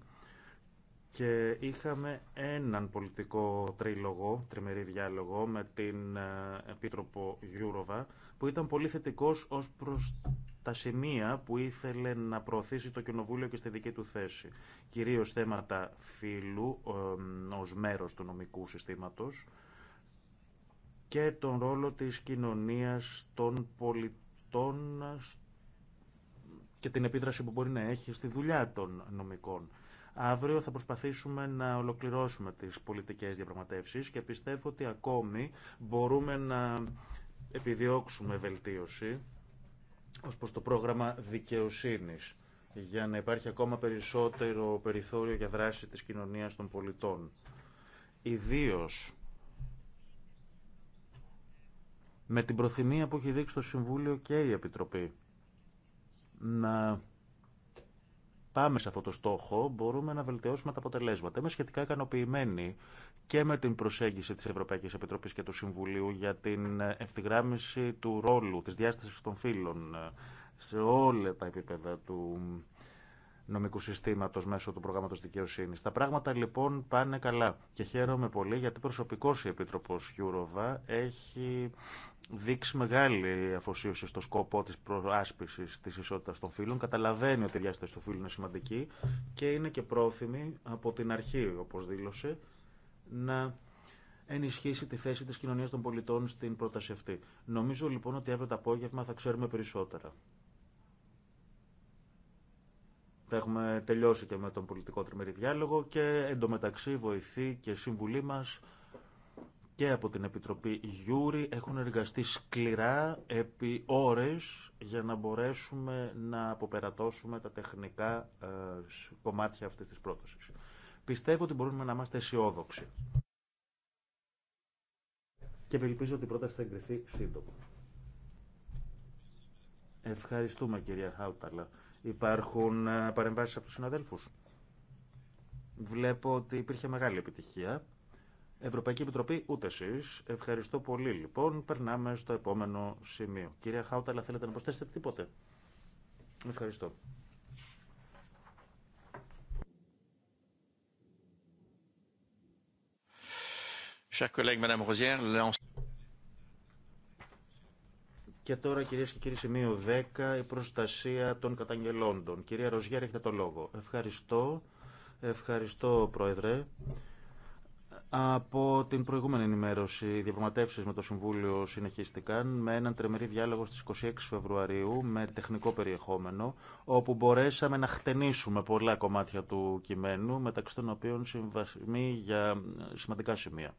και είχαμε έναν πολιτικό τρίλογο, τριμερή διάλογο με την ε, Επίτροπο Γιούροβα που ήταν πολύ θετικός ως προς τα σημεία που ήθελε να προωθήσει το Κοινοβούλιο και στη δική του θέση. Κυρίως θέματα φύλου ε, ως μέρος του νομικού συστήματος και τον ρόλο της κοινωνίας των πολιτών και την επίδραση που μπορεί να έχει στη δουλειά των νομικών. Αύριο θα προσπαθήσουμε να ολοκληρώσουμε τις πολιτικές διαπραγματεύσεις και πιστεύω ότι ακόμη μπορούμε να επιδιώξουμε βελτίωση ως προς το πρόγραμμα δικαιοσύνης για να υπάρχει ακόμα περισσότερο περιθώριο για δράση της κοινωνίας των πολιτών. Ιδίω, με την προθυμία που έχει δείξει το Συμβούλιο και η Επιτροπή να πάμε σε αυτό το στόχο, μπορούμε να βελτιώσουμε τα αποτελέσματα. Είμαι σχετικά ικανοποιημένη και με την προσέγγιση της Ευρωπαϊκής Επιτροπής και του Συμβουλίου για την ευθυγράμμιση του ρόλου, της διάστασης των φύλων ε, σε όλα τα επίπεδα του νομικού συστήματο μέσω του προγράμματο δικαιοσύνη. Τα πράγματα λοιπόν πάνε καλά και χαίρομαι πολύ γιατί προσωπικώ η Επίτροπο Γιούροβα έχει δείξει μεγάλη αφοσίωση στο σκοπό τη προάσπιση τη ισότητα των φύλων. Καταλαβαίνει ότι η διάσταση του φύλου είναι σημαντική και είναι και πρόθυμη από την αρχή, όπω δήλωσε, να ενισχύσει τη θέση της κοινωνίας των πολιτών στην πρόταση αυτή. Νομίζω λοιπόν ότι αύριο το απόγευμα θα ξέρουμε περισσότερα. Θα έχουμε τελειώσει και με τον πολιτικό τριμερή διάλογο και εντωμεταξύ βοηθεί και σύμβουλή μας και από την Επιτροπή Γιούρι έχουν εργαστεί σκληρά επί ώρες για να μπορέσουμε να αποπερατώσουμε τα τεχνικά ε, κομμάτια αυτής της πρότασης. Πιστεύω ότι μπορούμε να είμαστε αισιόδοξοι. Και ελπίζω ότι η πρόταση θα εγκριθεί σύντομα. Ευχαριστούμε κυρία Χάουταλα. Υπάρχουν ε, παρεμβάσεις από τους συναδέλφους. Βλέπω ότι υπήρχε μεγάλη επιτυχία. Ευρωπαϊκή Επιτροπή, ούτε εσεί. Ευχαριστώ πολύ, λοιπόν. Περνάμε στο επόμενο σημείο. Κυρία αλλά θέλετε να προσθέσετε τίποτε. Ευχαριστώ. Και τώρα κυρίες και κύριοι σημείο 10, η προστασία των καταγγελόντων. Κυρία Ροζιέρ, έχετε το λόγο. Ευχαριστώ. Ευχαριστώ, Πρόεδρε. Από την προηγούμενη ενημέρωση, οι διαπραγματεύσει με το Συμβούλιο συνεχίστηκαν με έναν τρεμερή διάλογο στι 26 Φεβρουαρίου με τεχνικό περιεχόμενο, όπου μπορέσαμε να χτενίσουμε πολλά κομμάτια του κειμένου, μεταξύ των οποίων συμβασμοί για σημαντικά σημεία.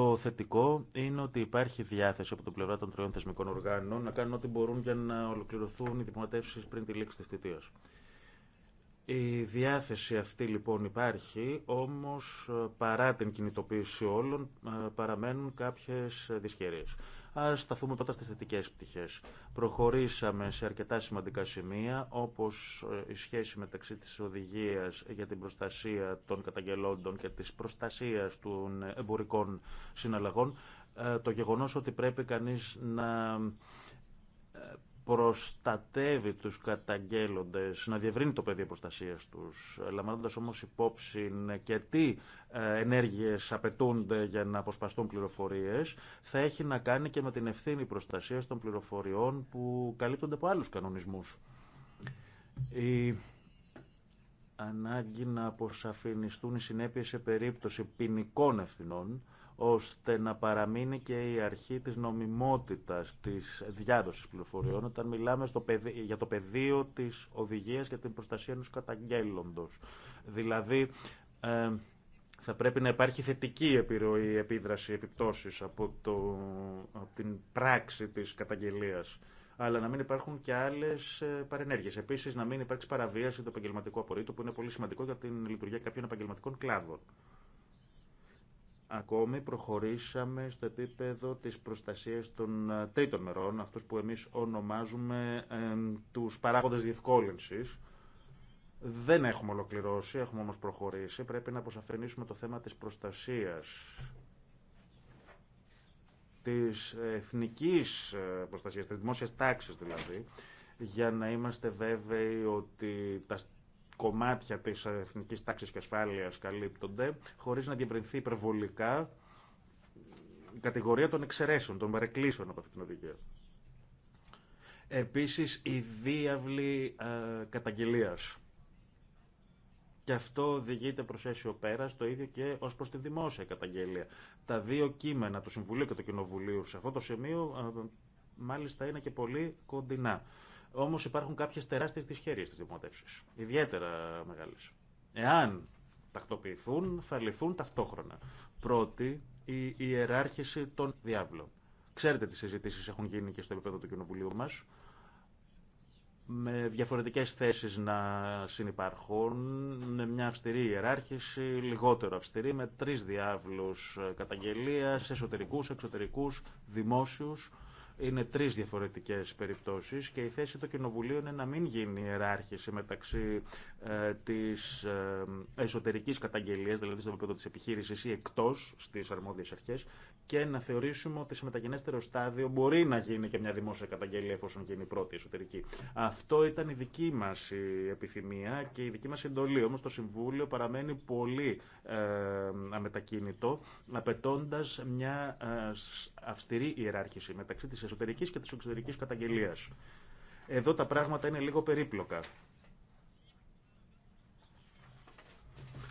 Το θετικό είναι ότι υπάρχει διάθεση από την πλευρά των τριών θεσμικών οργάνων να κάνουν ό,τι μπορούν για να ολοκληρωθούν οι διπλωματεύσει πριν τη λήξη τη θητεία. Η διάθεση αυτή λοιπόν υπάρχει, όμως παρά την κινητοποίηση όλων παραμένουν κάποιες δυσκαιρίες. Α σταθούμε πρώτα στι θετικέ πτυχέ. Προχωρήσαμε σε αρκετά σημαντικά σημεία, όπω ε, η σχέση μεταξύ τη οδηγία για την προστασία των καταγγελόντων και τη προστασία των εμπορικών συναλλαγών. Ε, το γεγονό ότι πρέπει κανεί να ε, προστατεύει τους καταγγέλλοντες, να διευρύνει το πεδίο προστασίας τους, λαμβάνοντας όμως υπόψη και τι ε, ενέργειες απαιτούνται για να αποσπαστούν πληροφορίες, θα έχει να κάνει και με την ευθύνη προστασίας των πληροφοριών που καλύπτονται από άλλους κανονισμούς. Η ανάγκη να αποσαφινιστούν οι συνέπειες σε περίπτωση ποινικών ευθυνών, ώστε να παραμείνει και η αρχή της νομιμότητας της διάδοσης πληροφοριών όταν μιλάμε στο για το πεδίο της οδηγίας για την προστασία ενός καταγγέλλοντος. Δηλαδή ε, θα πρέπει να υπάρχει θετική επιρροή, επίδραση, επιπτώσεις από, το, από την πράξη της καταγγελίας αλλά να μην υπάρχουν και άλλε παρενέργειε. Επίση, να μην υπάρξει παραβίαση του επαγγελματικού απορρίτου, που είναι πολύ σημαντικό για την λειτουργία κάποιων επαγγελματικών κλάδων. Ακόμη προχωρήσαμε στο επίπεδο της προστασίας των ε, τρίτων μερών, αυτούς που εμείς ονομάζουμε τους παράγοντες διευκόλυνσης. Δεν έχουμε ολοκληρώσει, έχουμε όμως προχωρήσει. Πρέπει να αποσαφενήσουμε το θέμα της προστασίας της εθνικής ε, προστασίας, της δημόσιας τάξης δηλαδή, για να είμαστε βέβαιοι ότι τα κομμάτια της εθνικής τάξης και ασφάλειας καλύπτονται, χωρίς να διευρυνθεί υπερβολικά η κατηγορία των εξαιρέσεων, των παρεκκλήσεων από αυτή την οδηγία. Επίσης, η διάβλη ε, καταγγελίας. Και αυτό οδηγείται προς αίσιο πέρα, το ίδιο και ως προς τη δημόσια καταγγελία. Τα δύο κείμενα του Συμβουλίου και του Κοινοβουλίου σε αυτό το σημείο ε, μάλιστα είναι και πολύ κοντινά. Όμω υπάρχουν κάποιε τεράστιε δυσχέρειε στι δημοτεύσει. Ιδιαίτερα μεγάλε. Εάν τακτοποιηθούν, θα λυθούν ταυτόχρονα. Πρώτη, η ιεράρχηση των διάβλων. Ξέρετε τι συζητήσει έχουν γίνει και στο επίπεδο του Κοινοβουλίου μα. Με διαφορετικέ θέσει να συνεπάρχουν, με μια αυστηρή ιεράρχηση, λιγότερο αυστηρή, με τρει διάβλου καταγγελία, εσωτερικού, εξωτερικού, δημόσιου είναι τρεις διαφορετικές περιπτώσεις και η θέση του Κοινοβουλίου είναι να μην γίνει ιεράρχηση μεταξύ ε, της ε, εσωτερικής καταγγελίας, δηλαδή στο επίπεδο της επιχείρησης ή εκτός στις αρμόδιες αρχές και να θεωρήσουμε ότι σε μεταγενέστερο στάδιο μπορεί να γίνει και μια δημόσια καταγγελία εφόσον γίνει η πρώτη εσωτερική. Αυτό ήταν η δική μα επιθυμία και η δική μα εντολή. Όμω το Συμβούλιο παραμένει πολύ ε, αμετακίνητο, απαιτώντα μια ε, αυστηρή ιεράρχηση μεταξύ τη εσωτερική και τη εξωτερική καταγγελία. Εδώ τα πράγματα είναι λίγο περίπλοκα.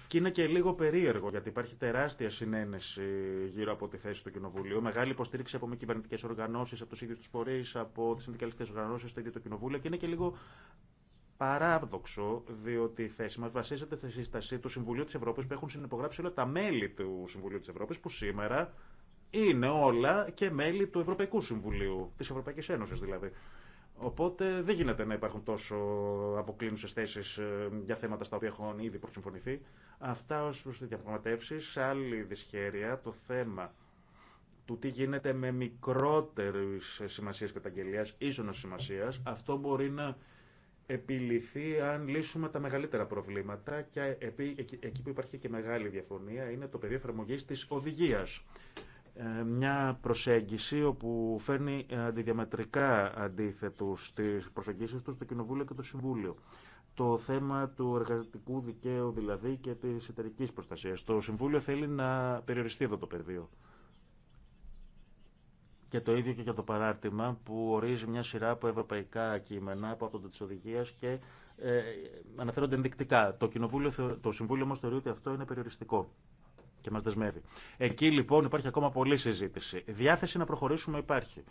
Και είναι και λίγο περίεργο, γιατί υπάρχει τεράστια συνένεση γύρω από τη θέση του Κοινοβουλίου, μεγάλη υποστήριξη από μη κυβερνητικέ οργανώσει, από του ίδιου του φορεί, από τι συνδικαλιστικέ οργανώσει, το ίδιο το Κοινοβούλιο, και είναι και λίγο παράδοξο, διότι η θέση μα βασίζεται στη σύσταση του Συμβουλίου τη Ευρώπη που έχουν συνυπογράψει όλα τα μέλη του Συμβουλίου τη Ευρώπη, που σήμερα είναι όλα και μέλη του Ευρωπαϊκού Συμβουλίου, τη Ευρωπαϊκή Ένωση δηλαδή. Οπότε δεν γίνεται να υπάρχουν τόσο αποκλίνουσε θέσει ε, για θέματα στα οποία έχουν ήδη προσυμφωνηθεί. Αυτά ω προ τι διαπραγματεύσει. Άλλη δυσχέρεια, το θέμα του τι γίνεται με μικρότερε σημασίε καταγγελία, ίσονο σημασία, αυτό μπορεί να επιληθεί αν λύσουμε τα μεγαλύτερα προβλήματα και εκεί που υπάρχει και μεγάλη διαφωνία είναι το πεδίο εφαρμογή της οδηγίας. Ε, μια προσέγγιση όπου φέρνει ε, αντιδιαμετρικά αντίθετους στις προσεγγίσεις του στο Κοινοβούλιο και το Συμβούλιο το θέμα του εργατικού δικαίου δηλαδή και τη εταιρική προστασία. Το Συμβούλιο θέλει να περιοριστεί εδώ το πεδίο. Και το ίδιο και για το παράρτημα που ορίζει μια σειρά από ευρωπαϊκά κείμενα από από τη οδηγία και ε, αναφέρονται ενδεικτικά. Το, κοινοβούλιο, το Συμβούλιο όμω θεωρεί ότι αυτό είναι περιοριστικό και μας δεσμεύει. Εκεί λοιπόν υπάρχει ακόμα πολλή συζήτηση. Διάθεση να προχωρήσουμε υπάρχει.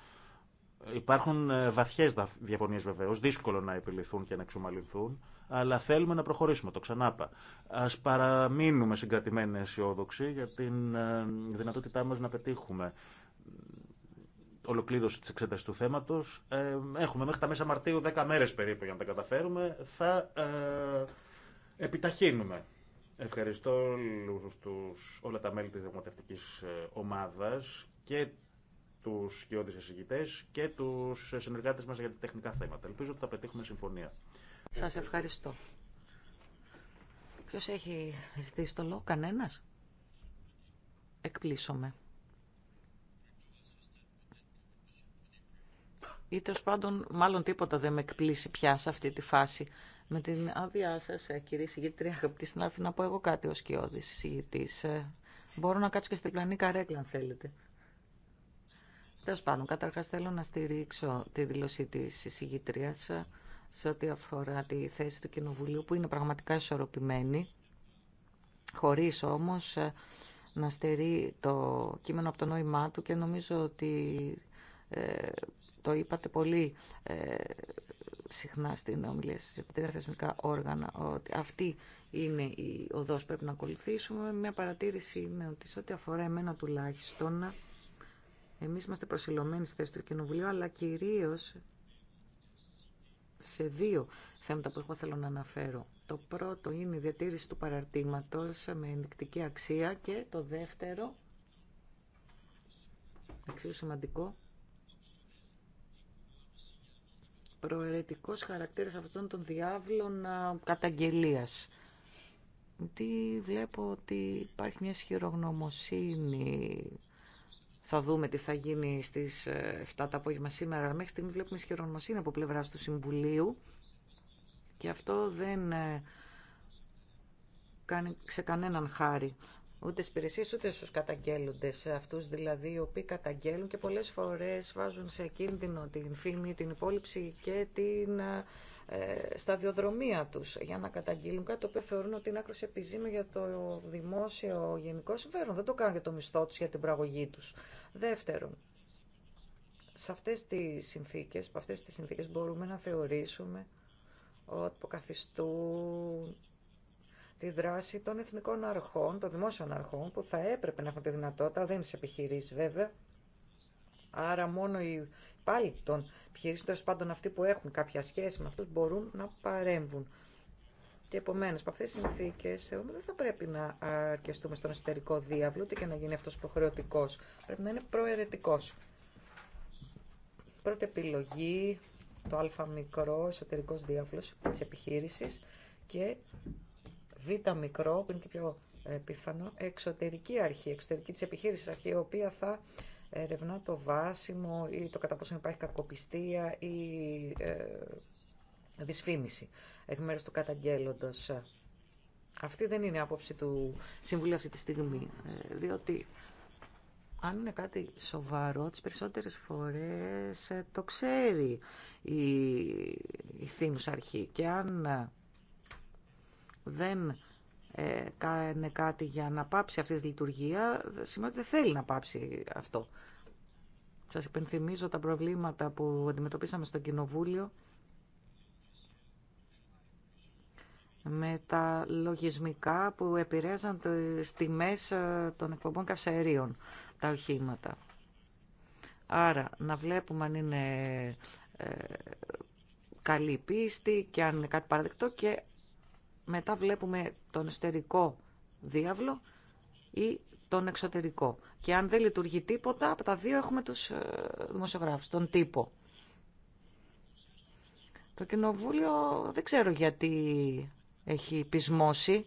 Υπάρχουν ε, βαθιές διαφωνίες βεβαίως, δύσκολο να επιληθούν και να εξομαλυνθούν, αλλά θέλουμε να προχωρήσουμε, το ξανάπα. Ας παραμείνουμε συγκρατημένοι αισιόδοξοι για την ε, δυνατότητά μας να πετύχουμε ολοκλήρωση της εξέτασης του θέματο. Ε, έχουμε μέχρι τα μέσα Μαρτίου 10 μέρες περίπου για να τα καταφέρουμε. Θα ε, επιταχύνουμε Ευχαριστώ όλους τους, όλα τα μέλη της δημοτευτικής ε, ομάδας και τους σκιώδεις εισηγητές και τους συνεργάτες μας για τα τεχνικά θέματα. Ελπίζω ότι θα πετύχουμε συμφωνία. Σας ευχαριστώ. Ποιος έχει ζητήσει το λόγο, κανένας. Εκπλήσωμε. Ή τέλο πάντων, μάλλον τίποτα δεν με εκπλήσει πια σε αυτή τη φάση. Με την άδειά σα, ε, κύριε Συγγήτρια, αγαπητή συνάδελφοι, να πω εγώ κάτι ω κοιόδη συγγητή. Ε, μπορώ να κάτσω και στην πλανή καρέκλα, αν θέλετε. Τέλο πάντων, καταρχά θέλω να στηρίξω τη δήλωση τη συγγήτρια ε, σε ό,τι αφορά τη θέση του Κοινοβουλίου, που είναι πραγματικά ισορροπημένη, χωρίς όμως να στερεί το κείμενο από το νόημά του και νομίζω ότι το είπατε πολύ. Ε, συχνά στην ομιλία σε τρία θεσμικά όργανα ότι αυτή είναι η οδός που πρέπει να ακολουθήσουμε. Μια παρατήρηση είναι ότι σε ό,τι αφορά εμένα τουλάχιστον εμείς είμαστε προσιλωμένοι στη θέση του Κοινοβουλίου αλλά κυρίως σε δύο θέματα που εγώ θέλω να αναφέρω. Το πρώτο είναι η διατήρηση του παραρτήματος με ενδεικτική αξία και το δεύτερο, εξίσου σημαντικό, προαιρετικός χαρακτήρας αυτών των διάβλων καταγγελίας. τι βλέπω ότι υπάρχει μια ισχυρογνωμοσύνη. Θα δούμε τι θα γίνει στις 7 ε, τα απόγευμα σήμερα. Μέχρι στιγμή βλέπουμε ισχυρογνωμοσύνη από πλευράς του Συμβουλίου και αυτό δεν ε, κάνει σε κανέναν χάρη ούτε στι υπηρεσίε ούτε στου καταγγέλλοντε. Αυτού δηλαδή οι οποίοι καταγγέλουν και πολλέ φορέ βάζουν σε κίνδυνο την φήμη, την υπόλοιψη και την ε, σταδιοδρομία του για να καταγγείλουν κάτι το οποίο θεωρούν ότι είναι άκρο επιζήμιο για το δημόσιο γενικό συμφέρον. Δεν το κάνουν για το μισθό του, για την πραγωγή του. Δεύτερον, σε αυτές τις συνθήκες, αυτές τις μπορούμε να θεωρήσουμε ότι υποκαθιστούν τη δράση των εθνικών αρχών, των δημόσιων αρχών, που θα έπρεπε να έχουν τη δυνατότητα, δεν είναι σε επιχειρήσει βέβαια. Άρα μόνο οι πάλι των επιχειρήσεων, τέλο πάντων αυτοί που έχουν κάποια σχέση με αυτού, μπορούν να παρέμβουν. Και επομένω, από αυτέ τι συνθήκε, δεν θα πρέπει να αρκεστούμε στον εσωτερικό διάβλο, ούτε και να γίνει αυτό υποχρεωτικό. Πρέπει να είναι προαιρετικό. Πρώτη επιλογή, το α μικρό, εσωτερικό διάβλο τη επιχείρηση και β μικρό, που είναι και πιο ε, πιθανό, εξωτερική αρχή, εξωτερική της επιχείρησης αρχή, η οποία θα ερευνά το βάσιμο ή το κατά πόσο υπάρχει κακοπιστία ή ε, δυσφήμιση εκ μέρους του καταγγέλλοντος. Αυτή δεν είναι η άποψη του Συμβουλίου αυτή τη στιγμή, ε, διότι αν είναι κάτι σοβαρό, τις περισσότερες φορές ε, το ξέρει η, η αρχή και αν δεν ε, κάνει κάτι για να πάψει αυτή τη λειτουργία, σημαίνει ότι δεν θέλει να πάψει αυτό. Σας υπενθυμίζω τα προβλήματα που αντιμετωπίσαμε στο Κοινοβούλιο με τα λογισμικά που επηρέαζαν τις τιμές ε, των εκπομπών καυσαερίων, τα οχήματα. Άρα, να βλέπουμε αν είναι ε, καλή πίστη και αν είναι κάτι παραδεκτό και μετά βλέπουμε τον εσωτερικό διάβλο ή τον εξωτερικό. Και αν δεν λειτουργεί τίποτα, από τα δύο έχουμε τους ε, δημοσιογράφους, τον τύπο. Το κοινοβούλιο δεν ξέρω γιατί έχει πεισμώσει.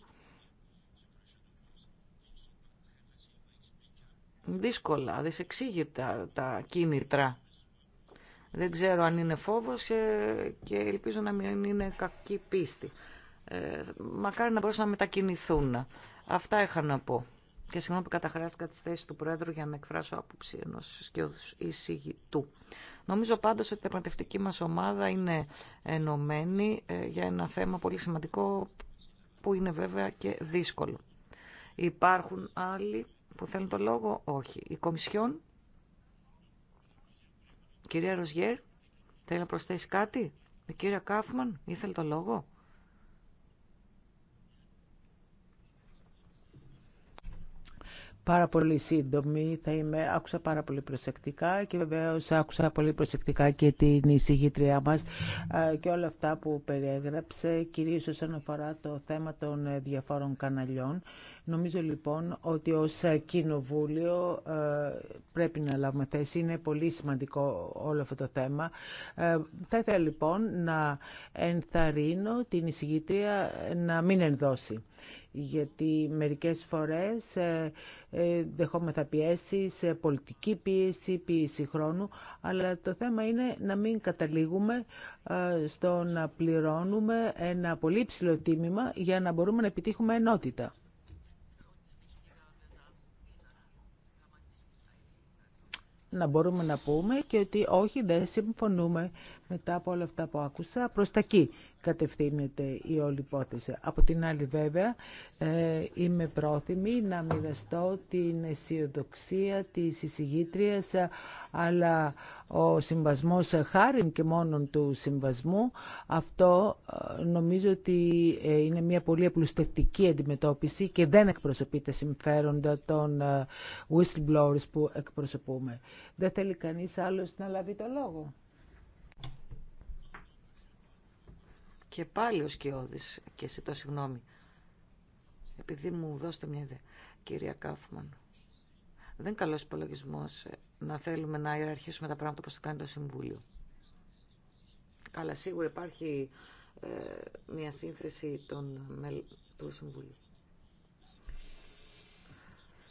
Δύσκολα, δυσεξήγητα τα κίνητρα. Δεν ξέρω αν είναι φόβος και ελπίζω να μην είναι κακή πίστη. Ε, μακάρι να μπορούσαν να μετακινηθούν. Αυτά είχα να πω. Και συγγνώμη που καταχράστηκα τι θέσει του Πρόεδρου για να εκφράσω άποψη ενό εισηγητού. Νομίζω πάντω ότι η πραγματευτική μα ομάδα είναι ενωμένη ε, για ένα θέμα πολύ σημαντικό που είναι βέβαια και δύσκολο. Υπάρχουν άλλοι που θέλουν το λόγο, όχι. Η Κομισιόν, κυρία Ροζιέρ, θέλει να προσθέσει κάτι. Η κυρία Κάφμαν ήθελε το λόγο. πάρα πολύ σύντομη θα είμαι. Άκουσα πάρα πολύ προσεκτικά και βεβαίω άκουσα πολύ προσεκτικά και την εισηγήτριά μας ε, και όλα αυτά που περιέγραψε, κυρίως όσον αφορά το θέμα των ε, διαφόρων καναλιών Νομίζω λοιπόν ότι ως κοινοβούλιο ε, πρέπει να λάβουμε θέση. Είναι πολύ σημαντικό όλο αυτό το θέμα. Ε, θα ήθελα λοιπόν να ενθαρρύνω την εισηγήτρια να μην ενδώσει γιατί μερικές φορές ε, ε, δεχόμεθα πιέσει, ε, πολιτική πίεση, πίεση χρόνου, αλλά το θέμα είναι να μην καταλήγουμε ε, στο να πληρώνουμε ένα πολύ ψηλό τίμημα για να μπορούμε να επιτύχουμε ενότητα. να μπορούμε να πούμε και ότι όχι δεν συμφωνούμε μετά από όλα αυτά που άκουσα, προς τα εκεί κατευθύνεται η όλη υπόθεση. Από την άλλη βέβαια ε, είμαι πρόθυμη να μοιραστώ την αισιοδοξία της εισηγήτριας αλλά ο συμβασμός χάρη και μόνον του συμβασμού αυτό ε, νομίζω ότι ε, είναι μια πολύ απλουστευτική αντιμετώπιση και δεν εκπροσωπεί τα συμφέροντα των whistleblowers που εκπροσωπούμε. Δεν θέλει κανείς άλλος να λάβει το λόγο. Και πάλι ο Σκιώδης, και σε το συγγνώμη, επειδή μου δώσετε μια ιδέα, κυρία Κάφμαν. Δεν είναι καλός υπολογισμό ε, να θέλουμε να ιεραρχήσουμε τα πράγματα όπως το κάνει το Συμβούλιο. Καλά, σίγουρα υπάρχει ε, μια σύνθεση των, με, του Συμβούλου.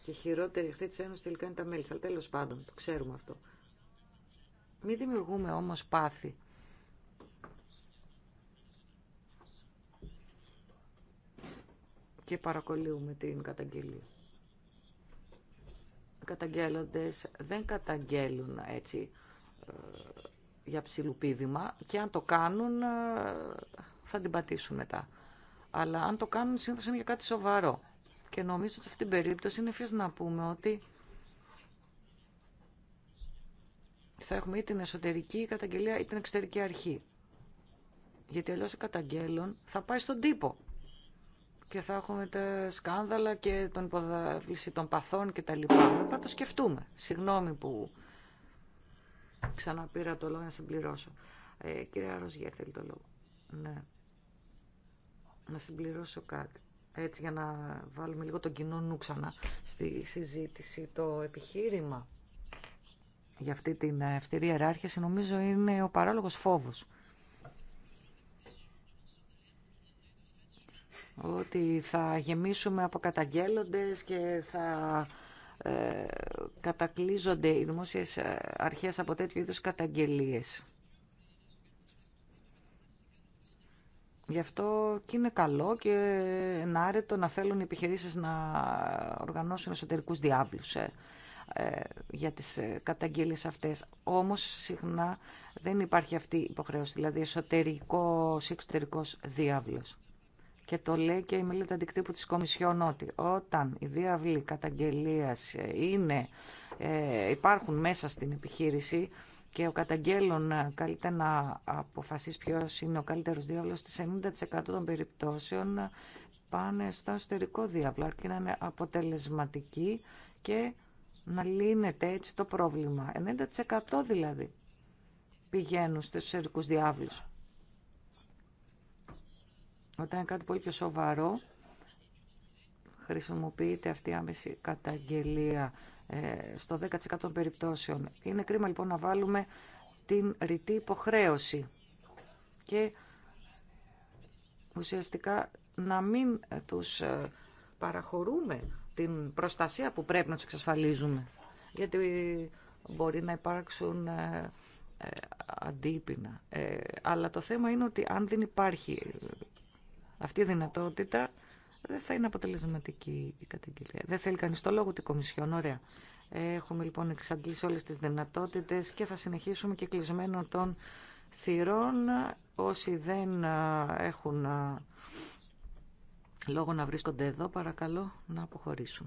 Και χειρότερη αυτή τη Ένωση τελικά είναι τα μέλη. Αλλά τέλο πάντων, το ξέρουμε αυτό. Μην δημιουργούμε όμω πάθη και παρακολύουμε την καταγγελία. Οι καταγγέλλοντες δεν καταγγέλουν έτσι ε, για ψηλουπίδημα και αν το κάνουν ε, θα την πατήσουν μετά. Αλλά αν το κάνουν συνήθως είναι για κάτι σοβαρό. Και νομίζω ότι σε αυτήν την περίπτωση είναι φυσικά να πούμε ότι θα έχουμε ή την εσωτερική καταγγελία ή την εξωτερική αρχή. Γιατί αλλιώς ο καταγγέλων θα πάει στον τύπο και θα έχουμε τα σκάνδαλα και τον υποδάβληση των παθών και τα λοιπά. Θα το σκεφτούμε. Συγγνώμη που ξαναπήρα το λόγο να συμπληρώσω. Ε, κύριε Ροζιέ, θέλει το λόγο. Ναι. Να συμπληρώσω κάτι. Έτσι για να βάλουμε λίγο τον κοινό νου ξανά στη συζήτηση. Το επιχείρημα για αυτή την αυστηρή ιεράρχηση νομίζω είναι ο παράλογος φόβος. ότι θα γεμίσουμε από καταγγέλλοντες και θα ε, κατακλείζονται οι δημόσιες ε, αρχές από τέτοιου είδους καταγγελίες. Γι' αυτό και είναι καλό και ενάρετο να θέλουν οι επιχειρήσεις να οργανώσουν εσωτερικούς διάβλους ε, ε, για τις καταγγελίες αυτές. Όμως συχνά δεν υπάρχει αυτή η υποχρέωση, δηλαδή εσωτερικός ή εξωτερικός διάβλος και το λέει και η μελέτη αντικτύπου της Κομισιόν ότι όταν οι διάβλοι καταγγελίας είναι, ε, υπάρχουν μέσα στην επιχείρηση και ο καταγγέλων ε, καλείται να αποφασίσει ποιος είναι ο καλύτερος διάβλος στις 90% των περιπτώσεων ε, πάνε στο εσωτερικό διάβλο αρκεί να είναι αποτελεσματική και να λύνεται έτσι το πρόβλημα. 90% δηλαδή πηγαίνουν στους εσωτερικούς διάβλους. Όταν είναι κάτι πολύ πιο σοβαρό, χρησιμοποιείται αυτή η άμεση καταγγελία ε, στο 10% των περιπτώσεων. Είναι κρίμα λοιπόν να βάλουμε την ρητή υποχρέωση και ουσιαστικά να μην τους ε, παραχωρούμε την προστασία που πρέπει να τους εξασφαλίζουμε. Γιατί μπορεί να υπάρξουν ε, αντίπεινα. Αλλά το θέμα είναι ότι αν δεν υπάρχει αυτή η δυνατότητα δεν θα είναι αποτελεσματική η καταγγελία. Δεν θέλει κανείς το λόγο την Κομισιόν. Ωραία. Έχουμε λοιπόν εξαντλήσει όλες τις δυνατότητες και θα συνεχίσουμε και κλεισμένο των θυρών. Όσοι δεν έχουν λόγο να βρίσκονται εδώ, παρακαλώ να αποχωρήσουν.